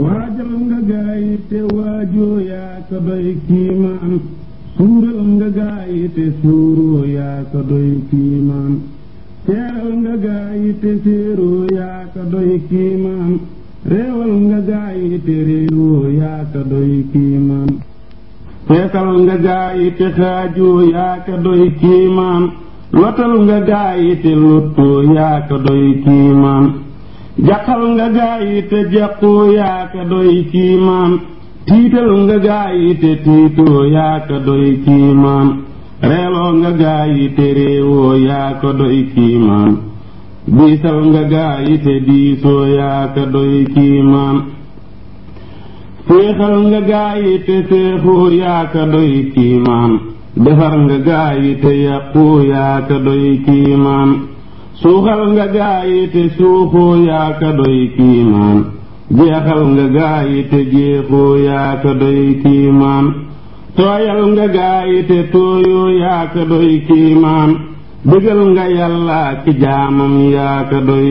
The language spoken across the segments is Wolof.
waajal nga gaay te waajoo yaa ko doy kiimaan suural nga gaay te suuroo yaa ko doy kiimaan seeral nga gaay te seeroo yaa ko doy kiimaan réewal nga gaay te réewoo yaa ko doy kiimaan feesal nga gaay te xaajoo yaa ko doy kiimaan lotal nga gaay te lottoo yaa ko doy kiimaan jaqal nga gaayi te jaqu yaaka doy kiimaan tiital nga gaayi te tiitoo yaaka doy kiimaan reeloo nga gaayi te réewoo yaaka doy kiimaan diisal nga gaayi te diisoo yaaka doy kiimaan féexal nga gaayi te seexoo yaaka doy kiimaan defar nga gaayi te yàqu yaaka doy kiimaan suuxal nga gaa yi te suuxoo yaa ka doy kiimaan jeexal nga gaa yi te jeexoo yaa ka doy kiimaan tooyal nga gaa te tooyoo yaa ka doy nga yàlla jaamam yaa ka doy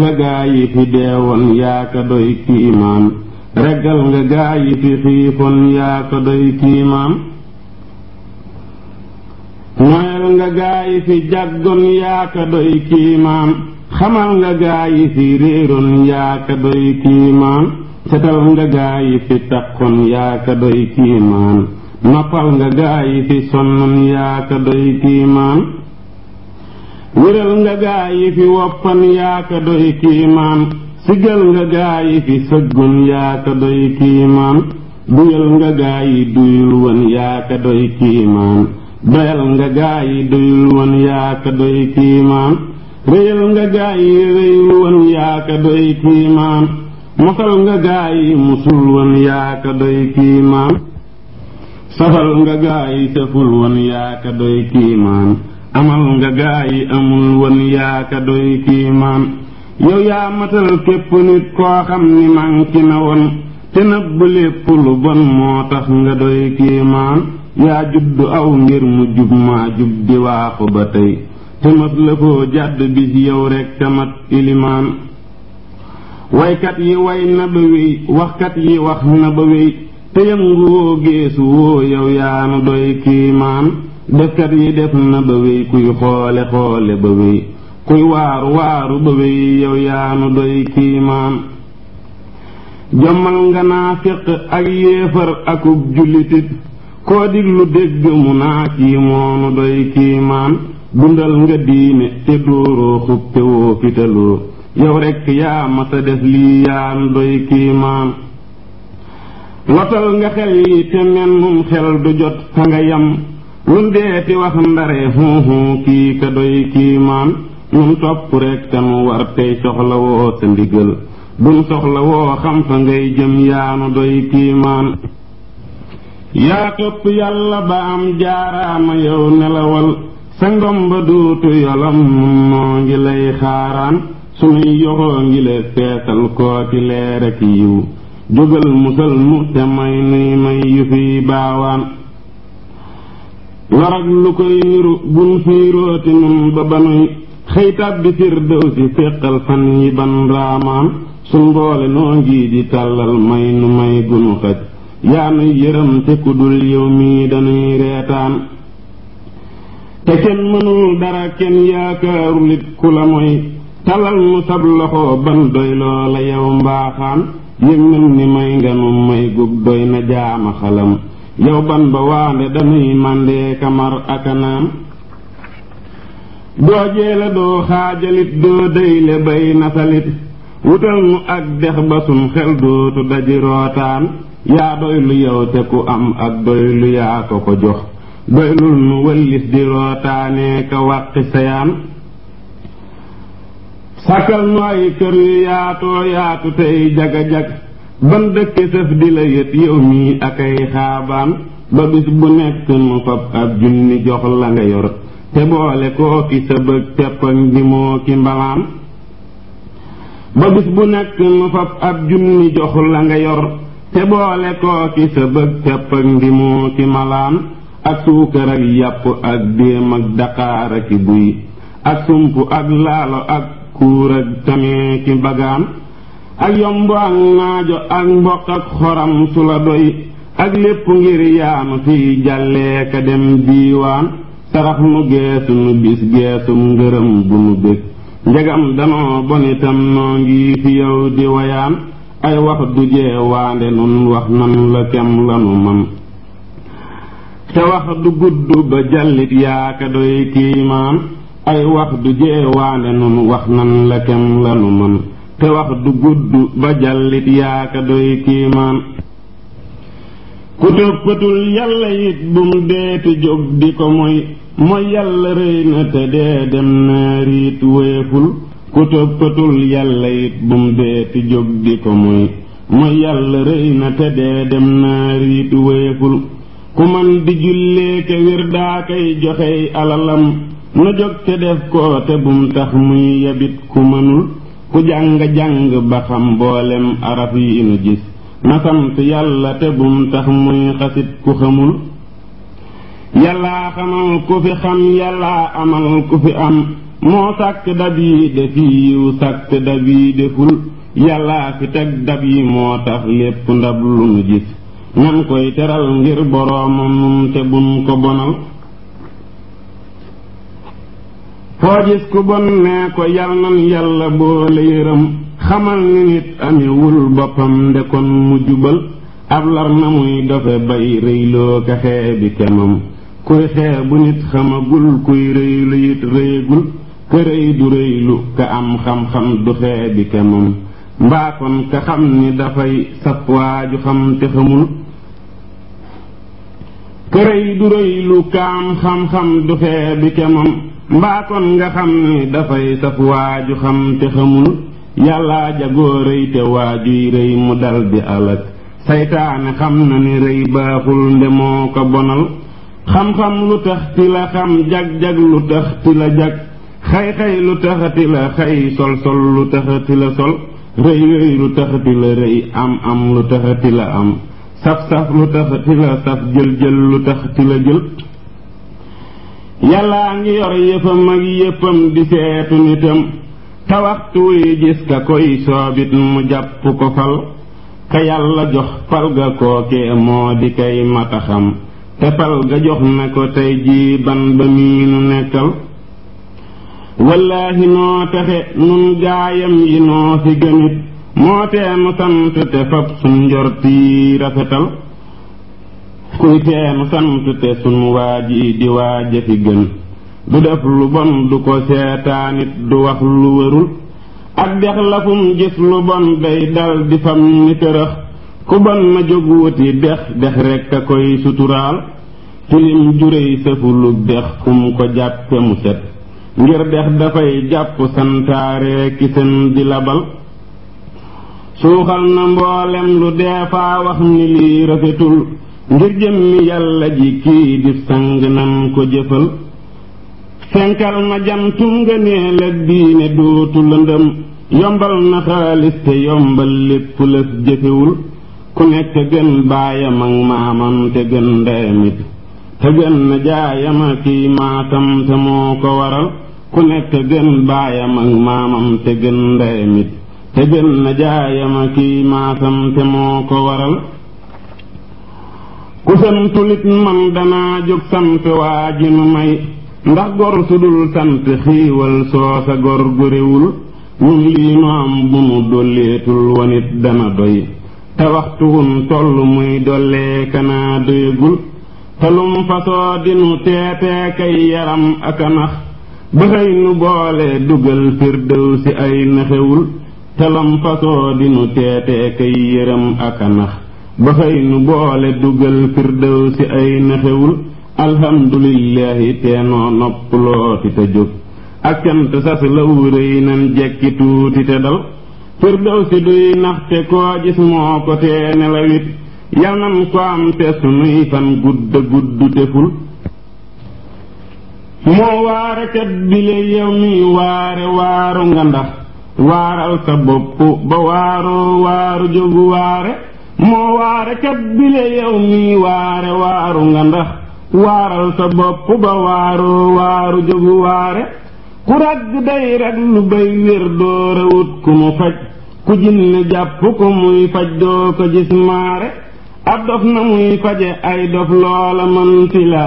nga gaa fi deewoon yaa ka reggal nga gaa fi xiifoon yaa ka noyal nga gaayi fi jàggoon yaaka doy kiimaan xamal nga gaayi fi réeroon yaaka doy kiimaan setal nga gaayi fi taqoon yaaka doy kiimaan noppal nga gaayi fi sonnoon yaaka kiimaan wéral nga gaayi fi woppan yaaka kiimaan sigal nga gaayi fi sëggoon yaaka kiimaan duyal nga gaayi duyul woon yaaka kiimaan doyal nga gaa yi doyul woon yaaka doy kiimaan réyal nga gaa yi réyul woon yaaka doy kiimaan mosal nga gaa yi musul woon yaaka doy kiimaan safal nga gaa yi saful woon yaaka doy kiimaan amal nga gaa amul woon yaaka doy kiimaan yow yaa matal képp nit koo xam ni manki na woon te nëbb lépp lu bon moo tax nga doy kiimaan yaa judd aw ngir mu jub maa jub di waaxu ba tey te mat la bi jàdd bis yow rekk tamat ilimaan waykat yi way na ba wéy waxkat yi wax na ba wéy te yëngu woo géesu woo yow yaanu doy kiimaan defkat yi def na ba wéy kuy xoole xoole ba wéy kuy waaru waaru ba wéy yow yaanu doy kiimaan jommal nga naa féq ak yéefar akub jullitit koo diglu dégg mu naa kii moonu doy kiimaan dundal nga diine te dóoroo xuppewoo fitaloo yow rekk yaa masa def lii yaan doy kiimaan lotal nga xel yi te mennum xel du jot fa nga yam lun deeti wax ndare xuuxuu kii ka doy kiimaan nun topp rekk te nu war tey soxlawoo sa ndigal buñ soxlawoo xam fa ngay jëm yaanu doy kiimaan yaa topp yàlla ba am jaaraama yow nelawal sa ngom ba duutu yolom moo ngi lay xaaraan sunuy yoxoo ngi le feesal koo ci leer yiw jógal musal mu te may nuy may yu fiy baawaan lorag lu koy niru bun fiirooti nun ba banuy xëytaab bi firdaw si féqal fan yi ban raamaan sun mboole noo ngi di tàllal may nu may gunu xaj yaa nuy yërëm te ku dul yow mii reetaan te kenn mënul dara kenn yaakaaru lit ku la moy talal nu sab loxo ban doy loola yow mbaaxaan yëngal ni may nganu may gub doy na jaama xalam yow ban ba waande dañuy màndee kamar akanaam doo jeele doo xaajalit doo déyle bay nasalit wutal nu ak dex ba sum xel dootu daji yaa doylu yow te ku am ak doylu yaa ko jox doylul nu wëllis di rootaane ka wàqi sayaan sàkkal nu kër yu yaatoo yaatu tey jaga-jag ban dëkke sëf di la yët yow mii ak ay xaabaan ba bis bu nekk nu fab ab junni jox la nga yor te boole koo ki sa bëgg teppaŋ di moo ki mbalaan ba bis bu nekk nu fab ab junni jox la nga yor te boole koo ki sa bëg tepp ak ndimoo ki malaan ak suukar ak yàpp ak déem ak daqaar a i buy ak sump ak laalo ak kuur ak tamee ki bagaan ak yomb ak naajo ak mboq ak xoram su la doy ak lépp ngir yaanu fiy jàllee dem diiwaan sarax nu geesu nu bis geesum ngërëm bu nu bég njegam danoo bonitam noo ngi fi yow di wayaan ay wax du jee waande nun wax te wax du gudd ba jàllit yaaka doy la kem lanu man te wax du doy kiimaan ku tëppatul yàlla it bum deeti jóg di ko moy mooy yàlla rëy na te dee dem naariit wéeful ku toppatul yàlla it bum ti jóg di ko moy mu yàlla rëy na te dee dem naar it wéyekul ku man di julleeke wér daa kay joxey alalam na jóg te def ko te bum tax muy yebit ku mënul ku jàng-jàng ba xam boolem arab yi nu gis na yàlla te bum tax muy xasit ku xamul yàllaa xamal ku fi xam yàllaa amal ku fi am moo sàkk dab yi def yiw sàkk dab yi deful yàllaa fi teg dab yi moo tax lépp ndab lu nu gis nan koy teral ngir boroomam te buñ ko bonal foo gis ku bon nee ko yal nan yàlla boole yërëm xamal ni nit amewul boppam de kon mu jubal ab lar na muy dofe bay réyloo ka xee bi kemam kuy xee bu nit xamagul kuy réy it réyagul ka rëy du rëylu ka am xam-xam du xeebi ka moom kon ni dafay saf waaju am xam nga xam ni dafay saf waaju xam te xamul yàllaa jagoo rëy te waajuy rëy mu dal di alag saytaane xam na ni rëy baaxul nde moo ko bonal xam-xam lu tax ti xam jag-jag lu tax ti la xay xay lu taxati la xay sol sol lu taxati la sol rëy rëy lu taxati la rëy am am lu taxati la am saf saf lu taxati la saf jël jël lu taxati la jël yàllaa ngi yor yëfam ak yëppam di seetu nitam te waxtu wuy gis ka koy soobit mu jàpp ko fal ka yàlla jox fal ga kooke moo di kay mataxam te fal ga jox na ko tey jii ban ba mii nekkal wallaahi noo texe nun gaayam yi noo fi gënit moo tee sant te fab suñ njorti rafetal kuy tee nu sant te sunu waaj yi di waaj a gën du def lu bon du ko seetaanit du wax lu wërul ak dex lafum gis lu bon day dal di fam ni tërëx ku bon na jóg dex dex rekk a koy suturaal tilim juréy sëfulug dex kum ko jàppe mu set ngir dex dafay jàpp santaare kisam di labal suuxal na mboolem lu dee faa wax ni lii rafetul ngir jëmmi yàlla ji kii di sang nan ko jëfal fenkal na jantum ngëneel ak diine dootu lëndëm yombal na xaalis te yombal lépp lës jëfewul ku nekk gën baayam ak maamam te gën ndeyam it te gën na jaayam ak kii maatam te ko waral ku nekk gën baayam ak maamam te gën ndeyam it te gën na jaayam ak kii maasam te moo ko waral ku santulit man danaa jóg sant waa ji nu may ndax gor su dul sant xiiwal soosa gor gu réwul lii nu am bu nu dolleetul wanit dana doy te waxtu wun toll muy dollee kanaa doyagul te lum fasoo dinu teetee kay yaram ak a nax ba xëy nu boole dugal firdew si ay naxewul talam fasoo dinu teetee kay yërëm ak a nax ba nu boole dugal firdew si ay naxewul alhamdulillahi teenoo nopplooti te jóg ak cant sas la wuréy nan jekki tuuti te dal firdew si duy naxte koo gis moo ko tee nelawit yal nan ko am te sunuy fan gudd gudd teful moo waarakat bi la yow mi waare waaru nga ndax waaral sa bopp ba waaroo waaru jógu waare moo waarakat bi la yow mi waare waaru nga ndax waaral sa bopp ba waaroo waaru jógu waare ku ragg day rag lu bay wér doo rawut ku mu faj ku jinne jàpp ko muy faj doo ko gis maare dof na muy faje ay dof loola mën fi la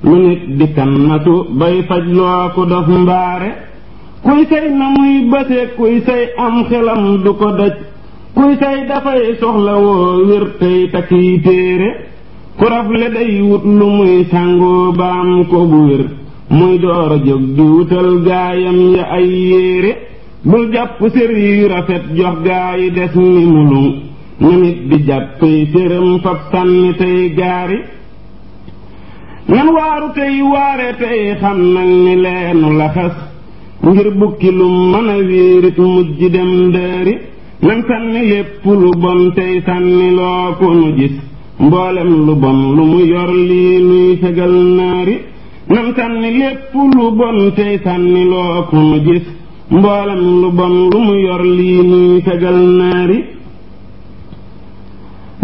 lu nit di kannatu bay faj loo ko daf mbaare kuy say na muy bëse kuy say am xelam du ko daj kuy say dafay soxla wér tey takki téere ku rafle day wut lu muy sàngoo baam ko bu wér muy door a jóg di wutal gaayam ya ay yéere bul jàpp sér yi rafet jox gaa yi des ni mulung na nit di jàppee séram fab sànni tey gaari nan waaru tey waare tey xam nag ni leenu laxas ngir bukki lu mën a wiirit mujj dem dëri nan sànni lépp lu bon tey sànni loo ko nu gis mboolem lu bon lu mu yor lii nuy fegal naari nan sànni lépp lu bon tey sànni loo ko nu gis mboolem lu bon lu mu yor lii nuy fegal naari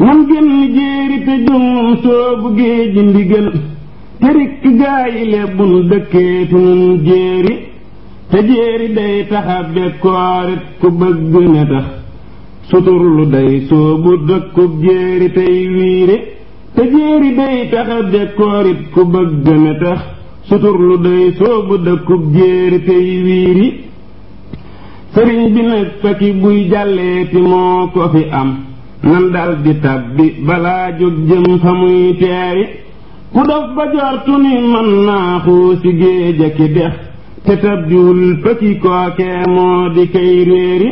nan génn jéeri te jungum soobu géeji ndigal tëri ki gaayile bun dëkkee tunum jéeri te jéeri day taxa bekkoorit ku bëgg na tax suturlu day soobu dëkkub jéeri tey wiiri te jéeri day taxa bekkoorit ku bëgg na tax suturlu day soobu dëkkub jéeri tey wiiri sëriñ bi nag fekki buy jàlleeti moo ko fi am nan dal tàbbi balaa jóg jëm fa muy teeri ku dof ba jortu ni mën naa xoo si géej ak i dex te tab moo di kay réeri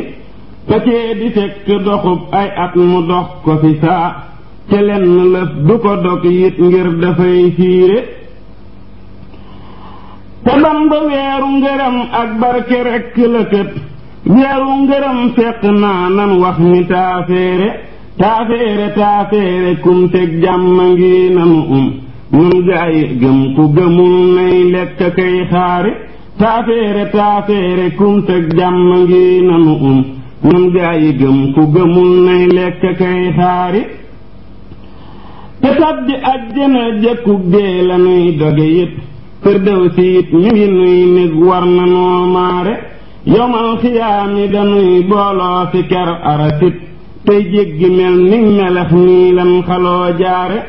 pëkee di fekk doxub ay at mu dox ko fi saa te lëf du ko dog yit ngir dafay fiire te Bamba weeru ngërëm ak barke rekk la weeru ngërëm fekk naa nan wax ni taafeere taafeere taafeere kum jàmm ngi nanu um nun gaa yi gëm ku gëmul nay lekk kay xaare taafeere taafeere kumtëg jàmm ngi nanu um nun gaa yi gëm ku gëmul nay lekk kay xaari te tabbi àjjana jëkku dee la nuy doge it firdawsi it ñu ngi nuy nég war nanoo maare yowmal xiyaam yi danuy booloo fi ker arasit tey jéggi mel ni melex nii lan xaloo jaare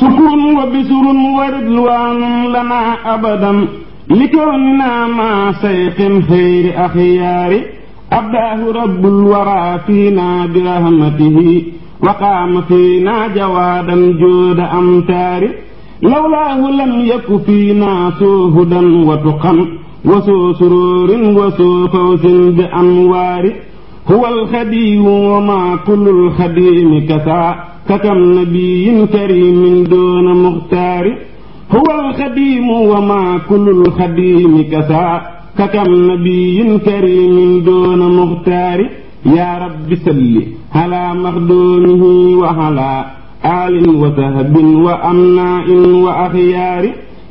شكر وبسر ورضوان لنا أبدا لكوننا مع سيق خير أخيار أبداه رب الورى فينا برحمته وقام فينا جوادا جود أمتار لولاه لم يك فينا سوء هدى وتقى وسوء سرور وسوء فوز بأنوار هو الخديم وما كل الخديم كسى فكم نبي كريم دون مختار هو الخديم وما كل الخديم كسا فكم نبي كريم دون مختار يا رب سل على مخدومه وعلى آل وذهب وأمناء وأخيار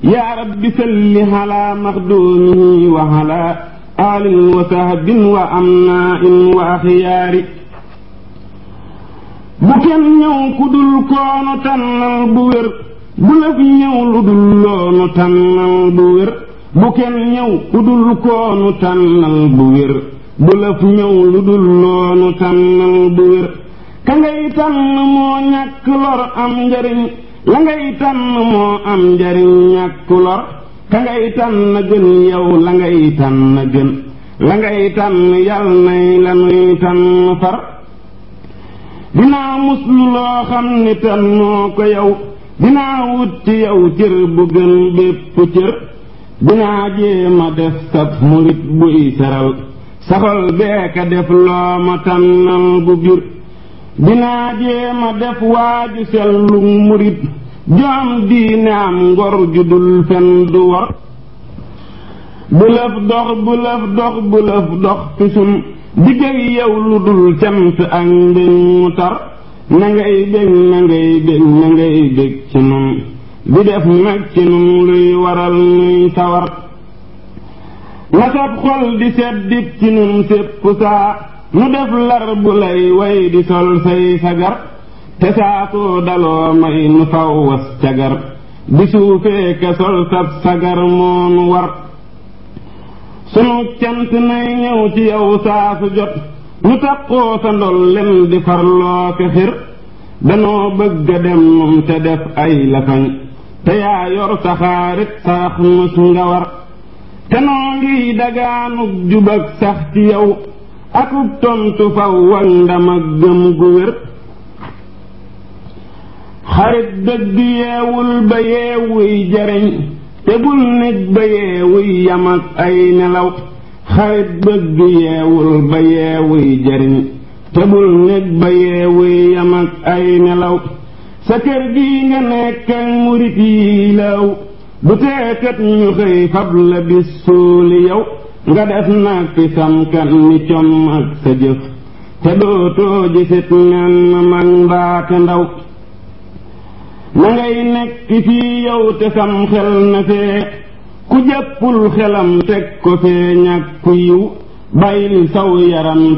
يا رب سل على مخدومه وعلى آل وذهب وأمناء وأخيار bu kenn ñëw ku dul koonu tànnal bu wér bu la fi lu dul loonu tànnal bu wér bu kenn ñëw ku dul koonu tànnal bu wér bu la fi lu dul loonu tànnal bu wér ka ngay tànn moo ñàkk lor am njariñ la ngay tànn moo am njariñ ñàkk lor ka ngay tànn gën yow la ngay tànn gën la ngay tànn yàlla nay lanuy tànn far dinaa muslu loo xam ni tan moo ko yow dinaa wut ci yow cër bu gën bépp cër dinaa jéem a def sab murit buy saral saxal beeka def loo ma tànnal bu bir dinaa jéem def waaju sellu murit ju am ngor ju dul fen du war bu dox bu dox bu dox pisum diggal yow lu dul cant ak mbég mu tar na bég na bég ci nun di def nag ci nun luy waral nuy sawar na xol di seddit ci nun sépp saa nu def lar bu lay way di sol say sagar te saa daloo may nu faw was cagar di suufee ka sol sab sagar moonu war sunu cant nay ñëw ci yow saa su jot ñu taqoo sa ndol lem di farloo ko danoo bëgg dem moom te def ay lafañ te yaa yor saxaarit saax mës nga war te noo ngiy dagaanug jub sax ci yow akub tontu faw wag ndam gëm gu wér xarit dëgg yeewul ba yeewuy jariñ te bul nit ba yeewuy yam ay nelaw xarit bëgg yeewul ba yeewuy jariñ te bul nit ba yeewuy yam ay nelaw sa kër gi nga nekk ak murit yi law du ñu xëy fab la bis suuli nga def nag fi samkan ni com ak sa jëf te dootoo gisit nen mag mbaate ndaw na ngay nekk fii yow te sam xel na fee ku jëppul xelam teg ko fee ñàkku yiw bàyyil saw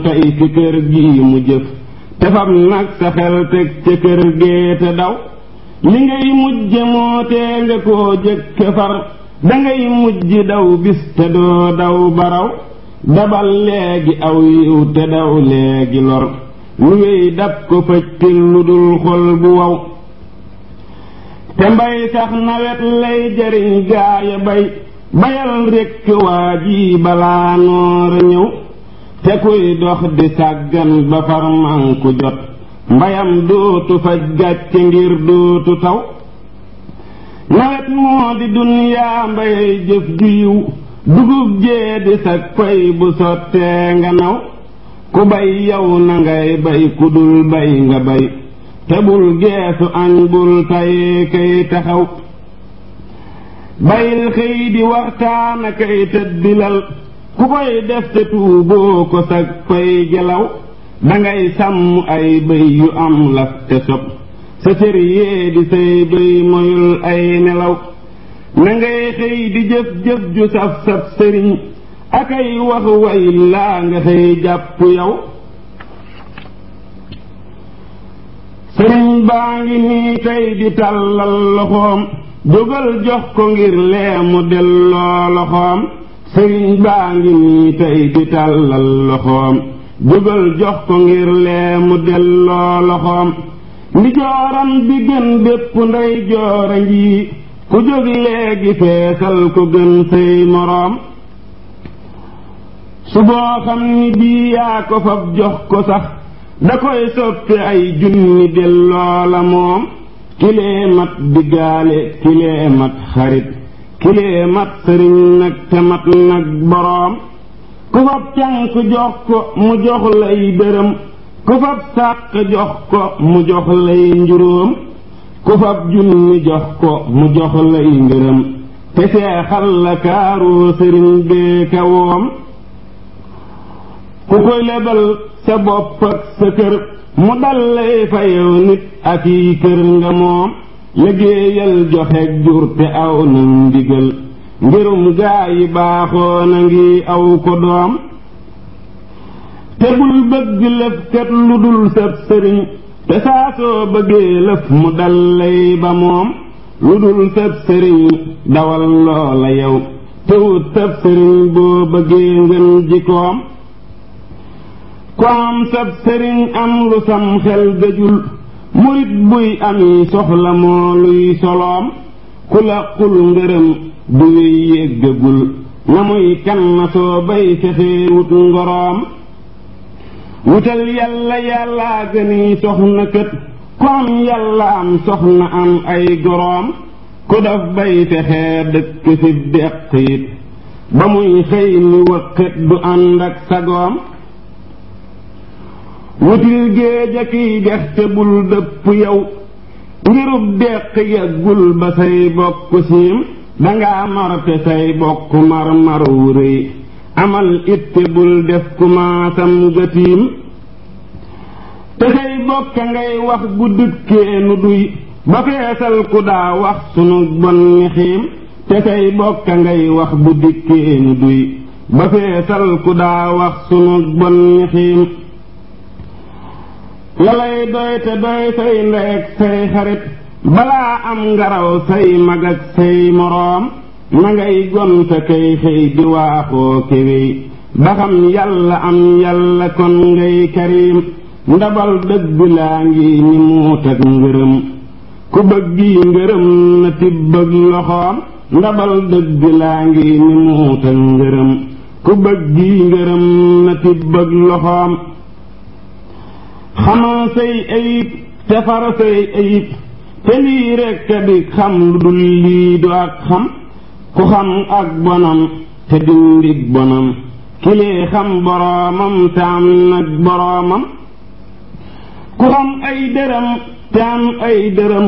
tey kër gi mu jëf te fam nag sa xel teg ca kër gee te daw li ngay mujje moo tee nga koo jëkke far dangay mujj daw bis te doo daw baraw dabal léegi aw yiw te daw léegi lor lu wéy dab ko fëccil lu dul xol bu waw te mbay tax nawet lay jëriñ gaaya bay bayal rekk waa ji balaa noor a ñëw te kuy dox di sàggan ba far jot mbayam dootu faj gàcce ngir dootu taw nawet moo di dunyaa mbayay jëf ju dugub jee di sag fay bu sottee nga naw ku bay yow na ngay bay ku dul bay nga bay te bul geesu an bul tayee kay taxaw bayil xëy di waxtaana kay tëddilal ku koy def te tuuboo ko sag fay gelaw dangay sàmm ay bëy yu am laf te sob sa cër yee di say bëy moyul ay nelaw na ngay di jëf jëf ju saf saf sëriñ akay wax way laa nga xëy jàpp yow sëriñ baa ngi nii tey di tàllal loxoom jógal jox ko ngir lee delloo loxoom sëriñ baa ngi nii tey di tàllal loxoom jógal jox ko ngir lee delloo loxoom ndi jooram bi gën bépp ndey joora ngi ku jóg léegi feesal ko gën say moroom su xam ni bii yaa ko fab jox ko sax da koy soppe ay junni delloo la moom kilee mat diggaale kilee mat xarit kilee mat sëriñ nag te mat nag boroom ku fab cànk jox ko mu jox lay dërëm ku fab sàq jox ko mu jox lay njuróom ku fab junni jox ko mu jox lay ngërëm te seexal la kaaru sëriñ bee kawoom ku koy lebal sa bopp sa kër mu dal lay fayew nit ak yi kër nga moom liggéeyal joxe jur te aw na ndigal ngirum gaa yi baaxoo na ngi aw ko doom te bul bëgg lëf lu dul sab sëriñ te saa soo bëggee lëf mu dal lay ba moom lu dul sëriñ dawal loola yow te wut sëriñ boo bëggee ngën jikoom ko am sab sëriñ am lu sam xel dëjul murit buy ami soxla moo luy soloom ku làqul ngërëm du wéy yéggagul na muy kan na soo bay sefee wut ngoroom wutal yàlla yàllaa gëni soxna kët ku am yàlla am soxna am ay goroom ku daf bay texee dëkk fi deq ba muy xëy ni wëqët du ànd ak sagoom wutil géej ak i dex te bul dëpp yow ngirub deq yeggul ba say bokk siim danga mar te say bokk mar wu rëy amal it te bul def ku gëtiim te say bokk ngay wax guddut keenu duy ba feesal ku daa wax sunu bon ni xiim say bokk ngay wax bu dikkeenu duy ba feesal ku daa wax sunu bon ni la lay doy te doy say ndey ak say xarit balaa am ngaraw say mag say moroom na ngay gon te kay xëy di waaxoo kéwéy ba xam yàlla am yàlla kon ngay karim ndabal dëgg laa ngi ñi muut ak ngërëm ku bëgg yi ngërëm na tibb ak loxoom ndabal dëgg laa ngi ñi muut ak ngërëm ku bëgg yi ngërëm na tibb ak loxoom xamaa say ayib te fara say ayib te lii rekk di xam lu dul lii ak xam ku xam ak bonam te dindig bonam kilee xam boroomam te am nag boroomam ku xam ay dërëm te am ay dërëm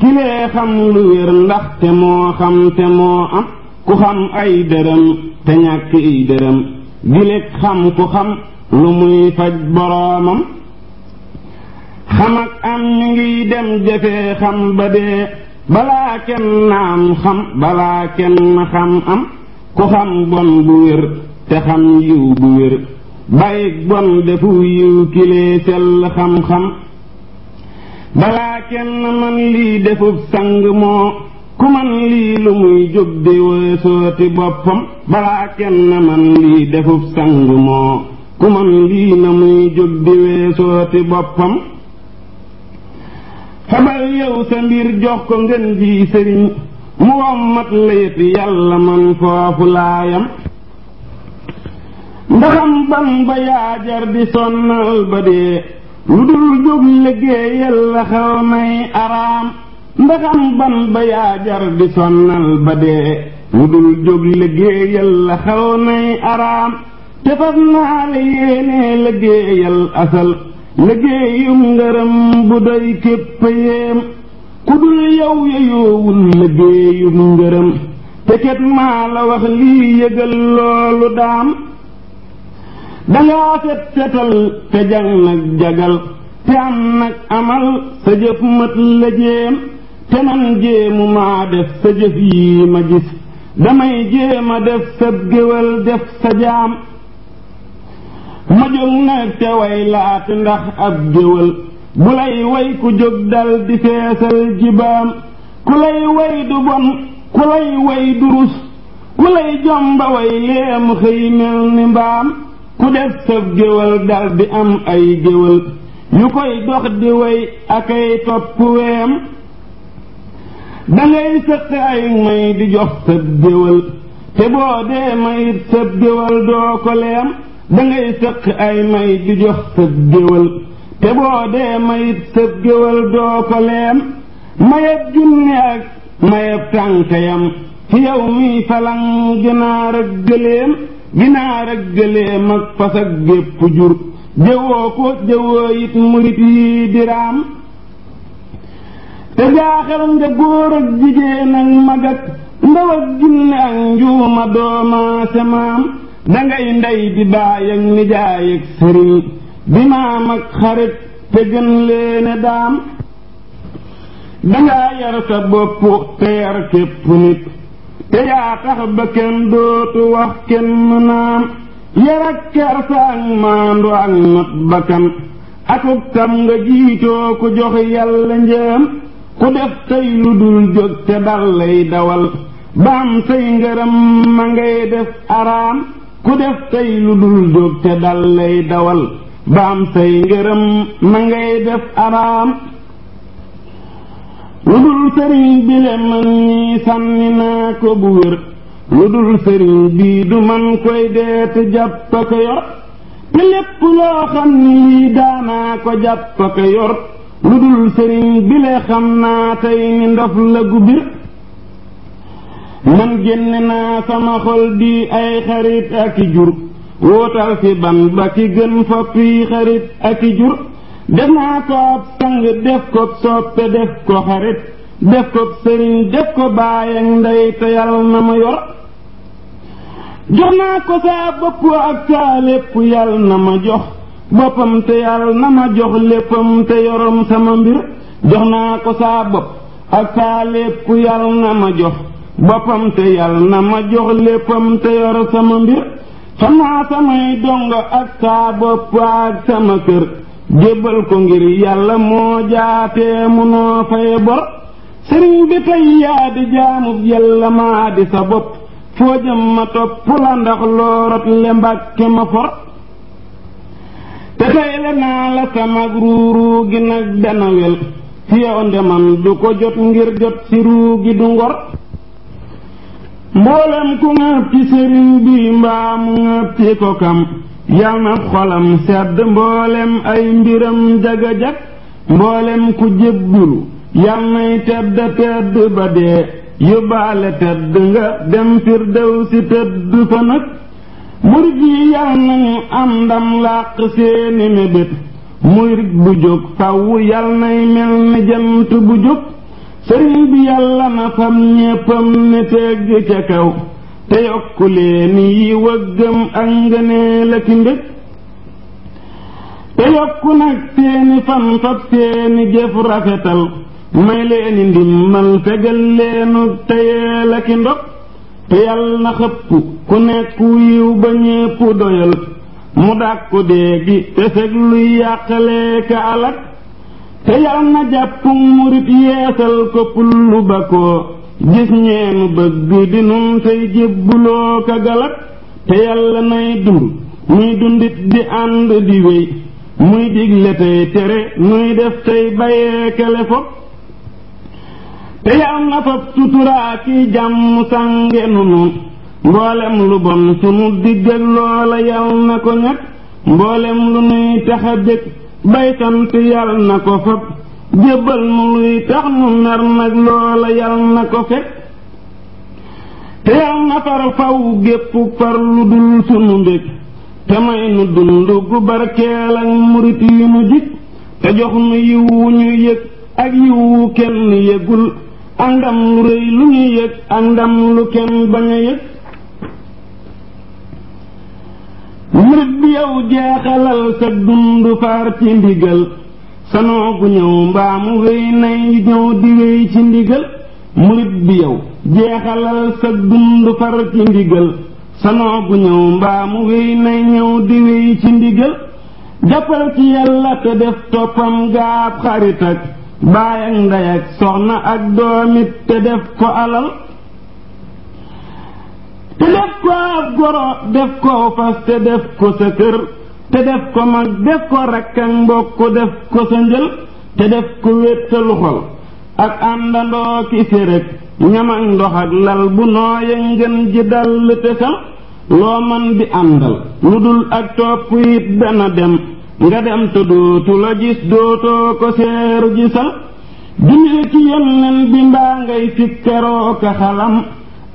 kilee xam lu wér ndax te moo xam te moo am ku xam ay dërëm te ñàkk ay dërëm gileeg xam ku xam lu muy faj boroomam xam ak am ñu ngi dem jëfee xam ba dee balaa kenn na am xam balaa kenn na xam am ku xam bon bu wér te xam yiw bu wér bàyyik bon defu yiw kilee sell xam-xam balaa kenn man lii defub sang moo ku man lii lu muy jóg di weesooti boppam balaa kenn man lii defub sang moo ku man lii na muy jóg di weesooti boppam xabal yow sa mbir jox ko ngën ji sëriñ mu wommat layet man foofu laayam ndaxam ban ba yaajar di sonnal ba dee lu dul jóg liggéeyal la xaw nay araam ndaxam ban ba yaajar di sonnal ba dee lu dul jóg liggéeyal la xaw nay araam te fas naa la yéenee liggéeyal asal liggéeyum ngërëm bu doy képp ku dul yow yeyoowul liggéeyum ngërëm te maa la wax lii yëgal loolu daam dangaa set setal te jang nag jagal te am nag amal sa jëf mat la jéem te man jéemu maa def sa jëf yi ma gis damay jéema def sab géwal def sa jaam ma jóg nag te way laat ndax ab géwël bu lay way ku jóg dal di feesal jibaam ku lay way du bon ku lay way du ku lay jomba way leem xëy mel ni mbaam ku def sëf géwël dal am ay géwël yu koy dox di way akay topp weem dangay sëq ay may di jox sëb géwël te boo dee mayit sëb géwël doo ko leem dangay sëq ay may di jox sëb géwël te boo dee mayit sëb géwël doo ko leem mayab junne ak mayab tànkayam ci yow mi falang ginaar ak gëléem ginaar ak gëléem ak fas ak gépp jur jëwoo ko jëwoo murit yi diraam te jaaxal nga góor ak jigéen ak mag ndaw ak junne ak njuuma doomaa samaam dangay ndey di baay ak nijaay ak sëriñ bi maam ak xarit te gën leene daam dangaa yar sa bopp te yar képp nit te yaa tax ba kenn dootu wax kenn naam yar ak kersa ak maandu ak not bakkan akub tam nga jiitoo ku jox yàlla njëam ku def tey lu dul jóg te dal dawal ba am say ngërëm ma ngay def araam ku def tey lu dul jóg te dal lay dawal ba am say ngërëm ma ngay def araam lu dul sëriñ bi man ñii sànni naa ko bu wér lu dul sëriñ bii du man koy deet jàpp ko yor te lépp loo xam ni lii daanaa ko jàpp ko yor lu dul sëriñ bi xam naa tey ni ndof la gu man génne naa sama xol bi ay xarit ak i jur wóotal fi ban ba ki gën foppi xarit ak i jur def naa ko ab sang def ko soppe def ko xarit def ko sëriñ def ko baay ndey te yàlla na ma yor jox naa ko saa bopp ak saa lépp yàlla na ma jox boppam te yàlla na ma jox léppam te yorom sama mbir jox naa ko saa bopp ak saa lépp yàlla na ma jox boppam te yàlla na ma jox léppam te yor sama mbir xanaa samay dongo ak saa bopp ak sama kër jébbal ko ngir yàlla moo jaatee munoo fay bor sëriñ bi tey yaa di jaamub yàlla maa di sa bopp foo jëm ma topp la ndax loorot le mbàkke ma for te tey la la sama ruuru gi nag dana wel fi yow du ko jot ngir jot si ruu gi du ngor mboolem ku ngëp ci sëriñ bi mbaa mu ngëp ci kokam yal na xolam sedd mboolem ay mbiram jaga-jag mboolem ku jébbulu yal nay tedd tedd ba dee yóbbaale tedd nga dem firdew si tedd fa nag murit yi yal nañu am ndam làq seeni mébét murit bu jóg fàww yal nay mel ni jant bu jóg sëriñ bi yàlla na fam ñeppam ne tegg ca kaw te yokk leen yi wëggam ak ngëneel ak mbég te yokk nag seeni fan fab seeni jëf rafetal may leeni ndimmal fegal leenu teyeel ak ndog te yàlla na xëpp ku nekk yiw ba ñépp doyal mu dàkku dee gi te seg luy alak te yal na jàppum murit yeesal ko pullu ba ko gis ñeenu bëgg di nun say jébbuloo ka galak te yàlla nay dund muy dundit di ànd di wéy muy digle tey tere muy def tey bayeekale fop te yal na fab suturaa ki jàmm sànge nunu mboolem lu bon sunu digg ak loola yal ko ñag mboolem lu nuy tax a baytam te yàlla na ko fab jébbal mu luy tax nu mer nag loola yàlla na ko fekk te yàlla na far faw gépp far lu dul sunu mbég te may nu dund gu barkeel ak murit yi nu jig te jox nu yiw wu ñu yëg ak yiw kenn yëgul ak lu rëy lu ñu yëg ak lu kenn bañ a yëg murit bi yow jeexalal sa dund faar ci ndigal sanoo bu ñëw mbaa mu nay ñëw di wéy ci ndigal murit bi yow jeexalal sa dund far ci ndigal sanoo ñëw mbaa mu nay ñëw di wéy ci ndigal jàppal ci yàlla te def toppam gaab xarit ak baay ak ndey ak soxna ak doomit te def ko alal te def ko ab goro def ko fas te def ko sa kër te def ko mag def ko rakk ak mbokk def ko sa njël te def ko wéttalu xol ak àndandoo ki sérég ñam ndox ak lal bu nooye ngeen ji dal te loo man di àndal lu dul ak topp it dana dem nga dem te dootu la gis dootoo ko seeru gisal dundee ci yeneen bi mbaa ngay fikkaroo ka xalam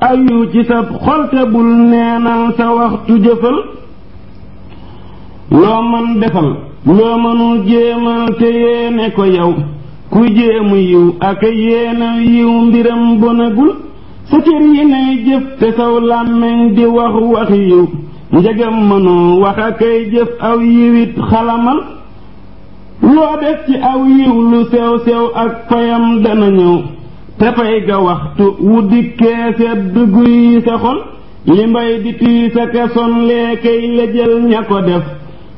ayu ci sab xolte bul neenal sa waxtu jëfal loo mën defal loo mënul jéemal te yéene ko yow ku jéemu yiw ak yéene yiw mbiram bonagul sa cër yi nay jëf te saw làmmiñ di wax wax njëgam mënoo wax akay jëf aw yiwit xalamal loo def ci aw yiw lu sew sew ak fayam dana ñëw te fay ga waxtu wu dikkee sedd guy sa xol li mbay di tiis a keson leekay la ña ko def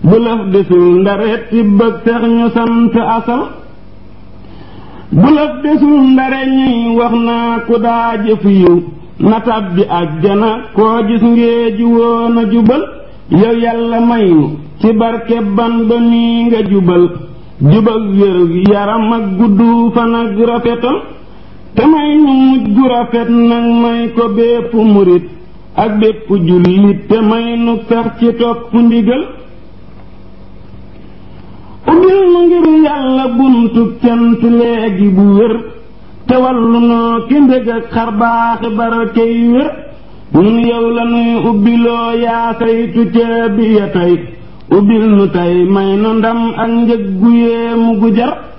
bu lëf desul ndaret ci bëgg sax ñu sant asal bu lëf desul ndare ñuy wax naa ku daa jëf yiw na tàbbi àjjana koo gis ngee ji woon jubal yow yàlla mayu ci barke ban ba nii nga jubal jubal wér yaram ak gudd fan ak rafetal te may ñu mujj gu rafet nag may ko bépp murit ak bépp jullit te may nu ci topp ndigal ubbil nu ngir yàlla buntu cant léegi bu wér te wallu noo ki ndëg ak xar baaxi barakey wér ñun yow la ubbiloo yaa saytu ya tey ubbil nu tey may nu ndam ak njëg gu yéemu gu jar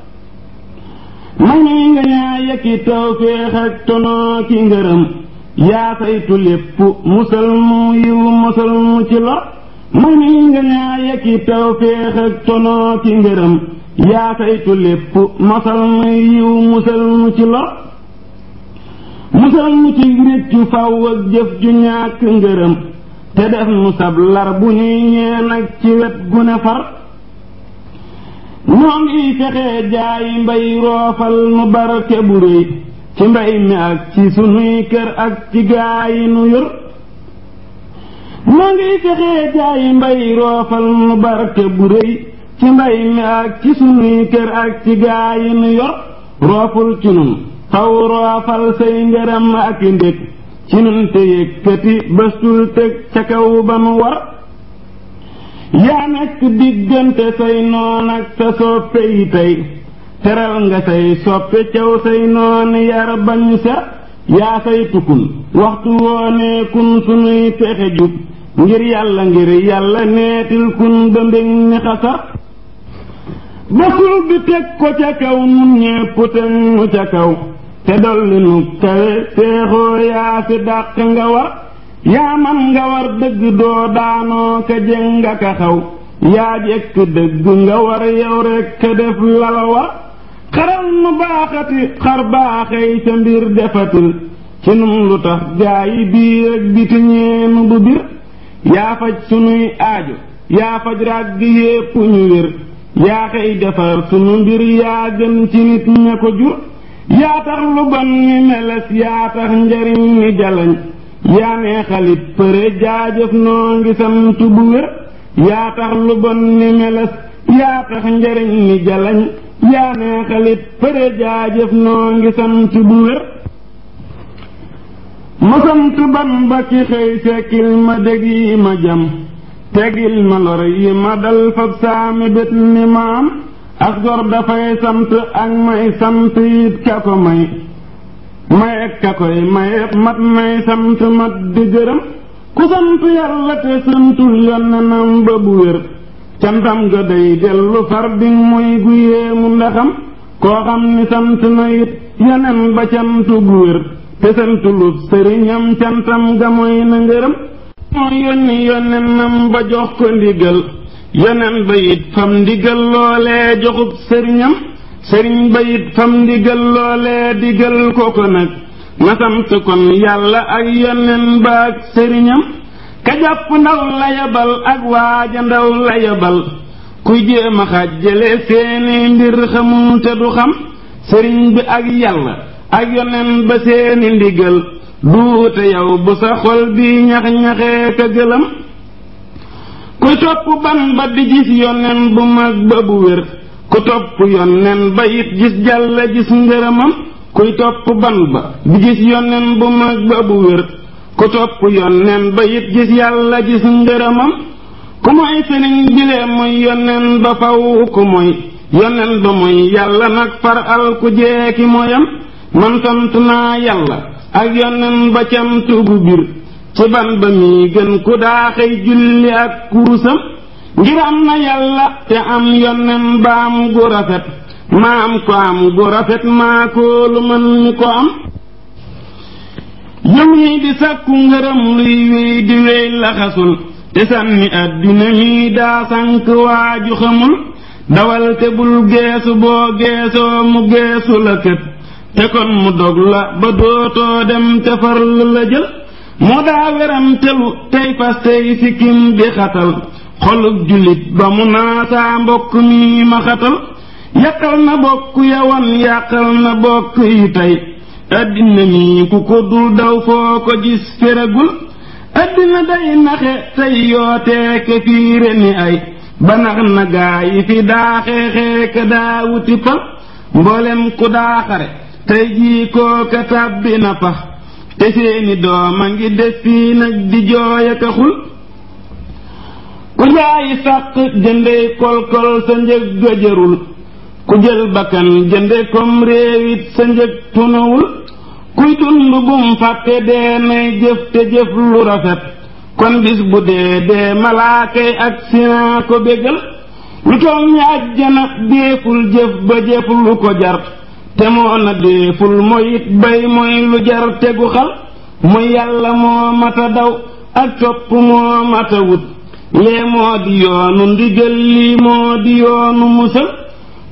ma ni nga yaay ki tawféex ak tonoo ki ngërëm yaa saytu lépp musal mu yiw musal mu ci lor ma ni nga yaay ki tawféex ak tonoo ki ngërëm yaa saytu lépp musal mu yiw musal mu ci lor musal mu ci réccu faw ak jëf ju ñàkk ngërëm te def mu sab lar bu ñuy ñeen ak ci wet gu ne far noo ngi fexe jaay mbay roofal nu barke bu réy ci mbay mi ak ci sunuy kër ak ci gaa yi nu yor noo ngi fexe jaay mbay bu réy ci mbay mi ak ci sunuy kër ak rooful ci nun xaw roofal say ngërëm ak ndég ci nun te yëkkati bëstul teg ca kaw ba nu war yaa nekk diggante say noon ak sa soppe yi tey teral nga say soppe caw say noon yar bañ sa yaa say tukun waxtu woonee kun sunuy pexe jub ngir yàlla ngir yàlla neetil kun ba mbég ni ba kul bi teg ko ca kaw nun ñépp te ca kaw te dolli nu seexoo yaa fi dàq nga war yaa man nga war dëgg doo daanoo ka jëng nga ka xaw yaa jekk dëgg nga war yow rekk ka def lala war xaral nu baaxati xar baaxey sa mbir defatil ci num lu tax gaa yi biir ak biti ñeenu du bir yaa faj sunuy aajo yaa faj ràgg yépp ñu wér yaa xëy defar sunu mbir yaa gën ci nit ña ko jur yaa tax lu bon ni meles yaa tax njariñ ni jalañ yaa neexal it përe jaajëf noo ngi sant bu wér yaa tax lu bon ni meles yaa tax njariñ ni jalañ yaa neexal it përe noo ngi sant bu wér ma sant Bamba ki xëy sekkil ma dég yi ma jam tegil ma lor yi ma dal fab saami bét ni ma am dafay sant ak may sant it ka ko may mayeeg a koy mayeeg mat nay sant mat di gërëm ku sant yàlla te santul yonenam ba bu wér cantam ga day dellu far ding muy ndaxam koo xam ni sant na it yonen ba cantu gu wér te santulub sëriñam cantam ga mooy na ngërëm moo yónni yonenam ba jox ko ndigal yonen ba it fam ndigal loolee joxub sëriñam sëriñ ba it fam ndigal loolee digal ko ko nag masamte kon yàlla ak yoneen ba ak sëriñam ka ndaw la yabal ak waaja ndaw la yabal ku jéem a xàjjale seeni mbir xamul te du xam sëriñ bi ak yàlla ak yoneen ba seeni ndigal duute yow bu sa xol bi ñax-ñaxee ka gëlam ku topp ban ba di gis yoneen bu mag ba bu wér ku topp yonnen ba it gis jàlla gis ngërëmam kuy topp ban ba di gis yonnen bu mag ba bu wér ku topp yonnen ba it gis yàlla gis ngërëmam ku mooy sëriñ bilee muy yonnen ba faw ku mooy yonnen ba muy yàlla nag far al ku jeeki mooyam man naa yàlla ak yonnen ba cam tugu bir ci ban ba mi gën ku daa xëy julli ak kurusam ngir am na yàlla te am yonen ba am gu rafet maa am ko rafet maa ko lu mën ñu ko am yow ñi di sàkku ngërëm luy wéy di wéy laxasul te sànni àddina mi daa sànk waaju xamul dawal bul geesu boo geesoo mu geesu la kët te kon mu dog la ba dootoo dem te la jël moo daa weram telu tey fas tey sikkim di xatal xolub jullit ba mu naataa mbokk mi ma xatal yàqal na bokk yawan yàqal na bokk yi tey àddina mi ku ko dul daw foo ko gis féragul àddina day naxe tey yooteeke fiire ni ay ba na gaa fi daa xeexeeka daa mboolem ku daa tey jii kooka tàbbi na pax te seeni doom a ngi def fii nag di jooy xul ku jaayi sàq jëndey kolkol sa njëg ga jërul ku jël bakkan jënde kom réewit sa njëg tunawul kuy dund bum fàtte dee nay jëf te jëf lu rafet kon bis bu dee dee malaakay ak sinaa ko bégal lu toom ña ajjana déeful jëf ba jëf lu ko jar te moo na déeful moyit bay mooy lu jar tegu xal mooy yàlla moo mata daw ak topp moo mata wut lee moo di yoonu ndigal lii moo di yoonu musal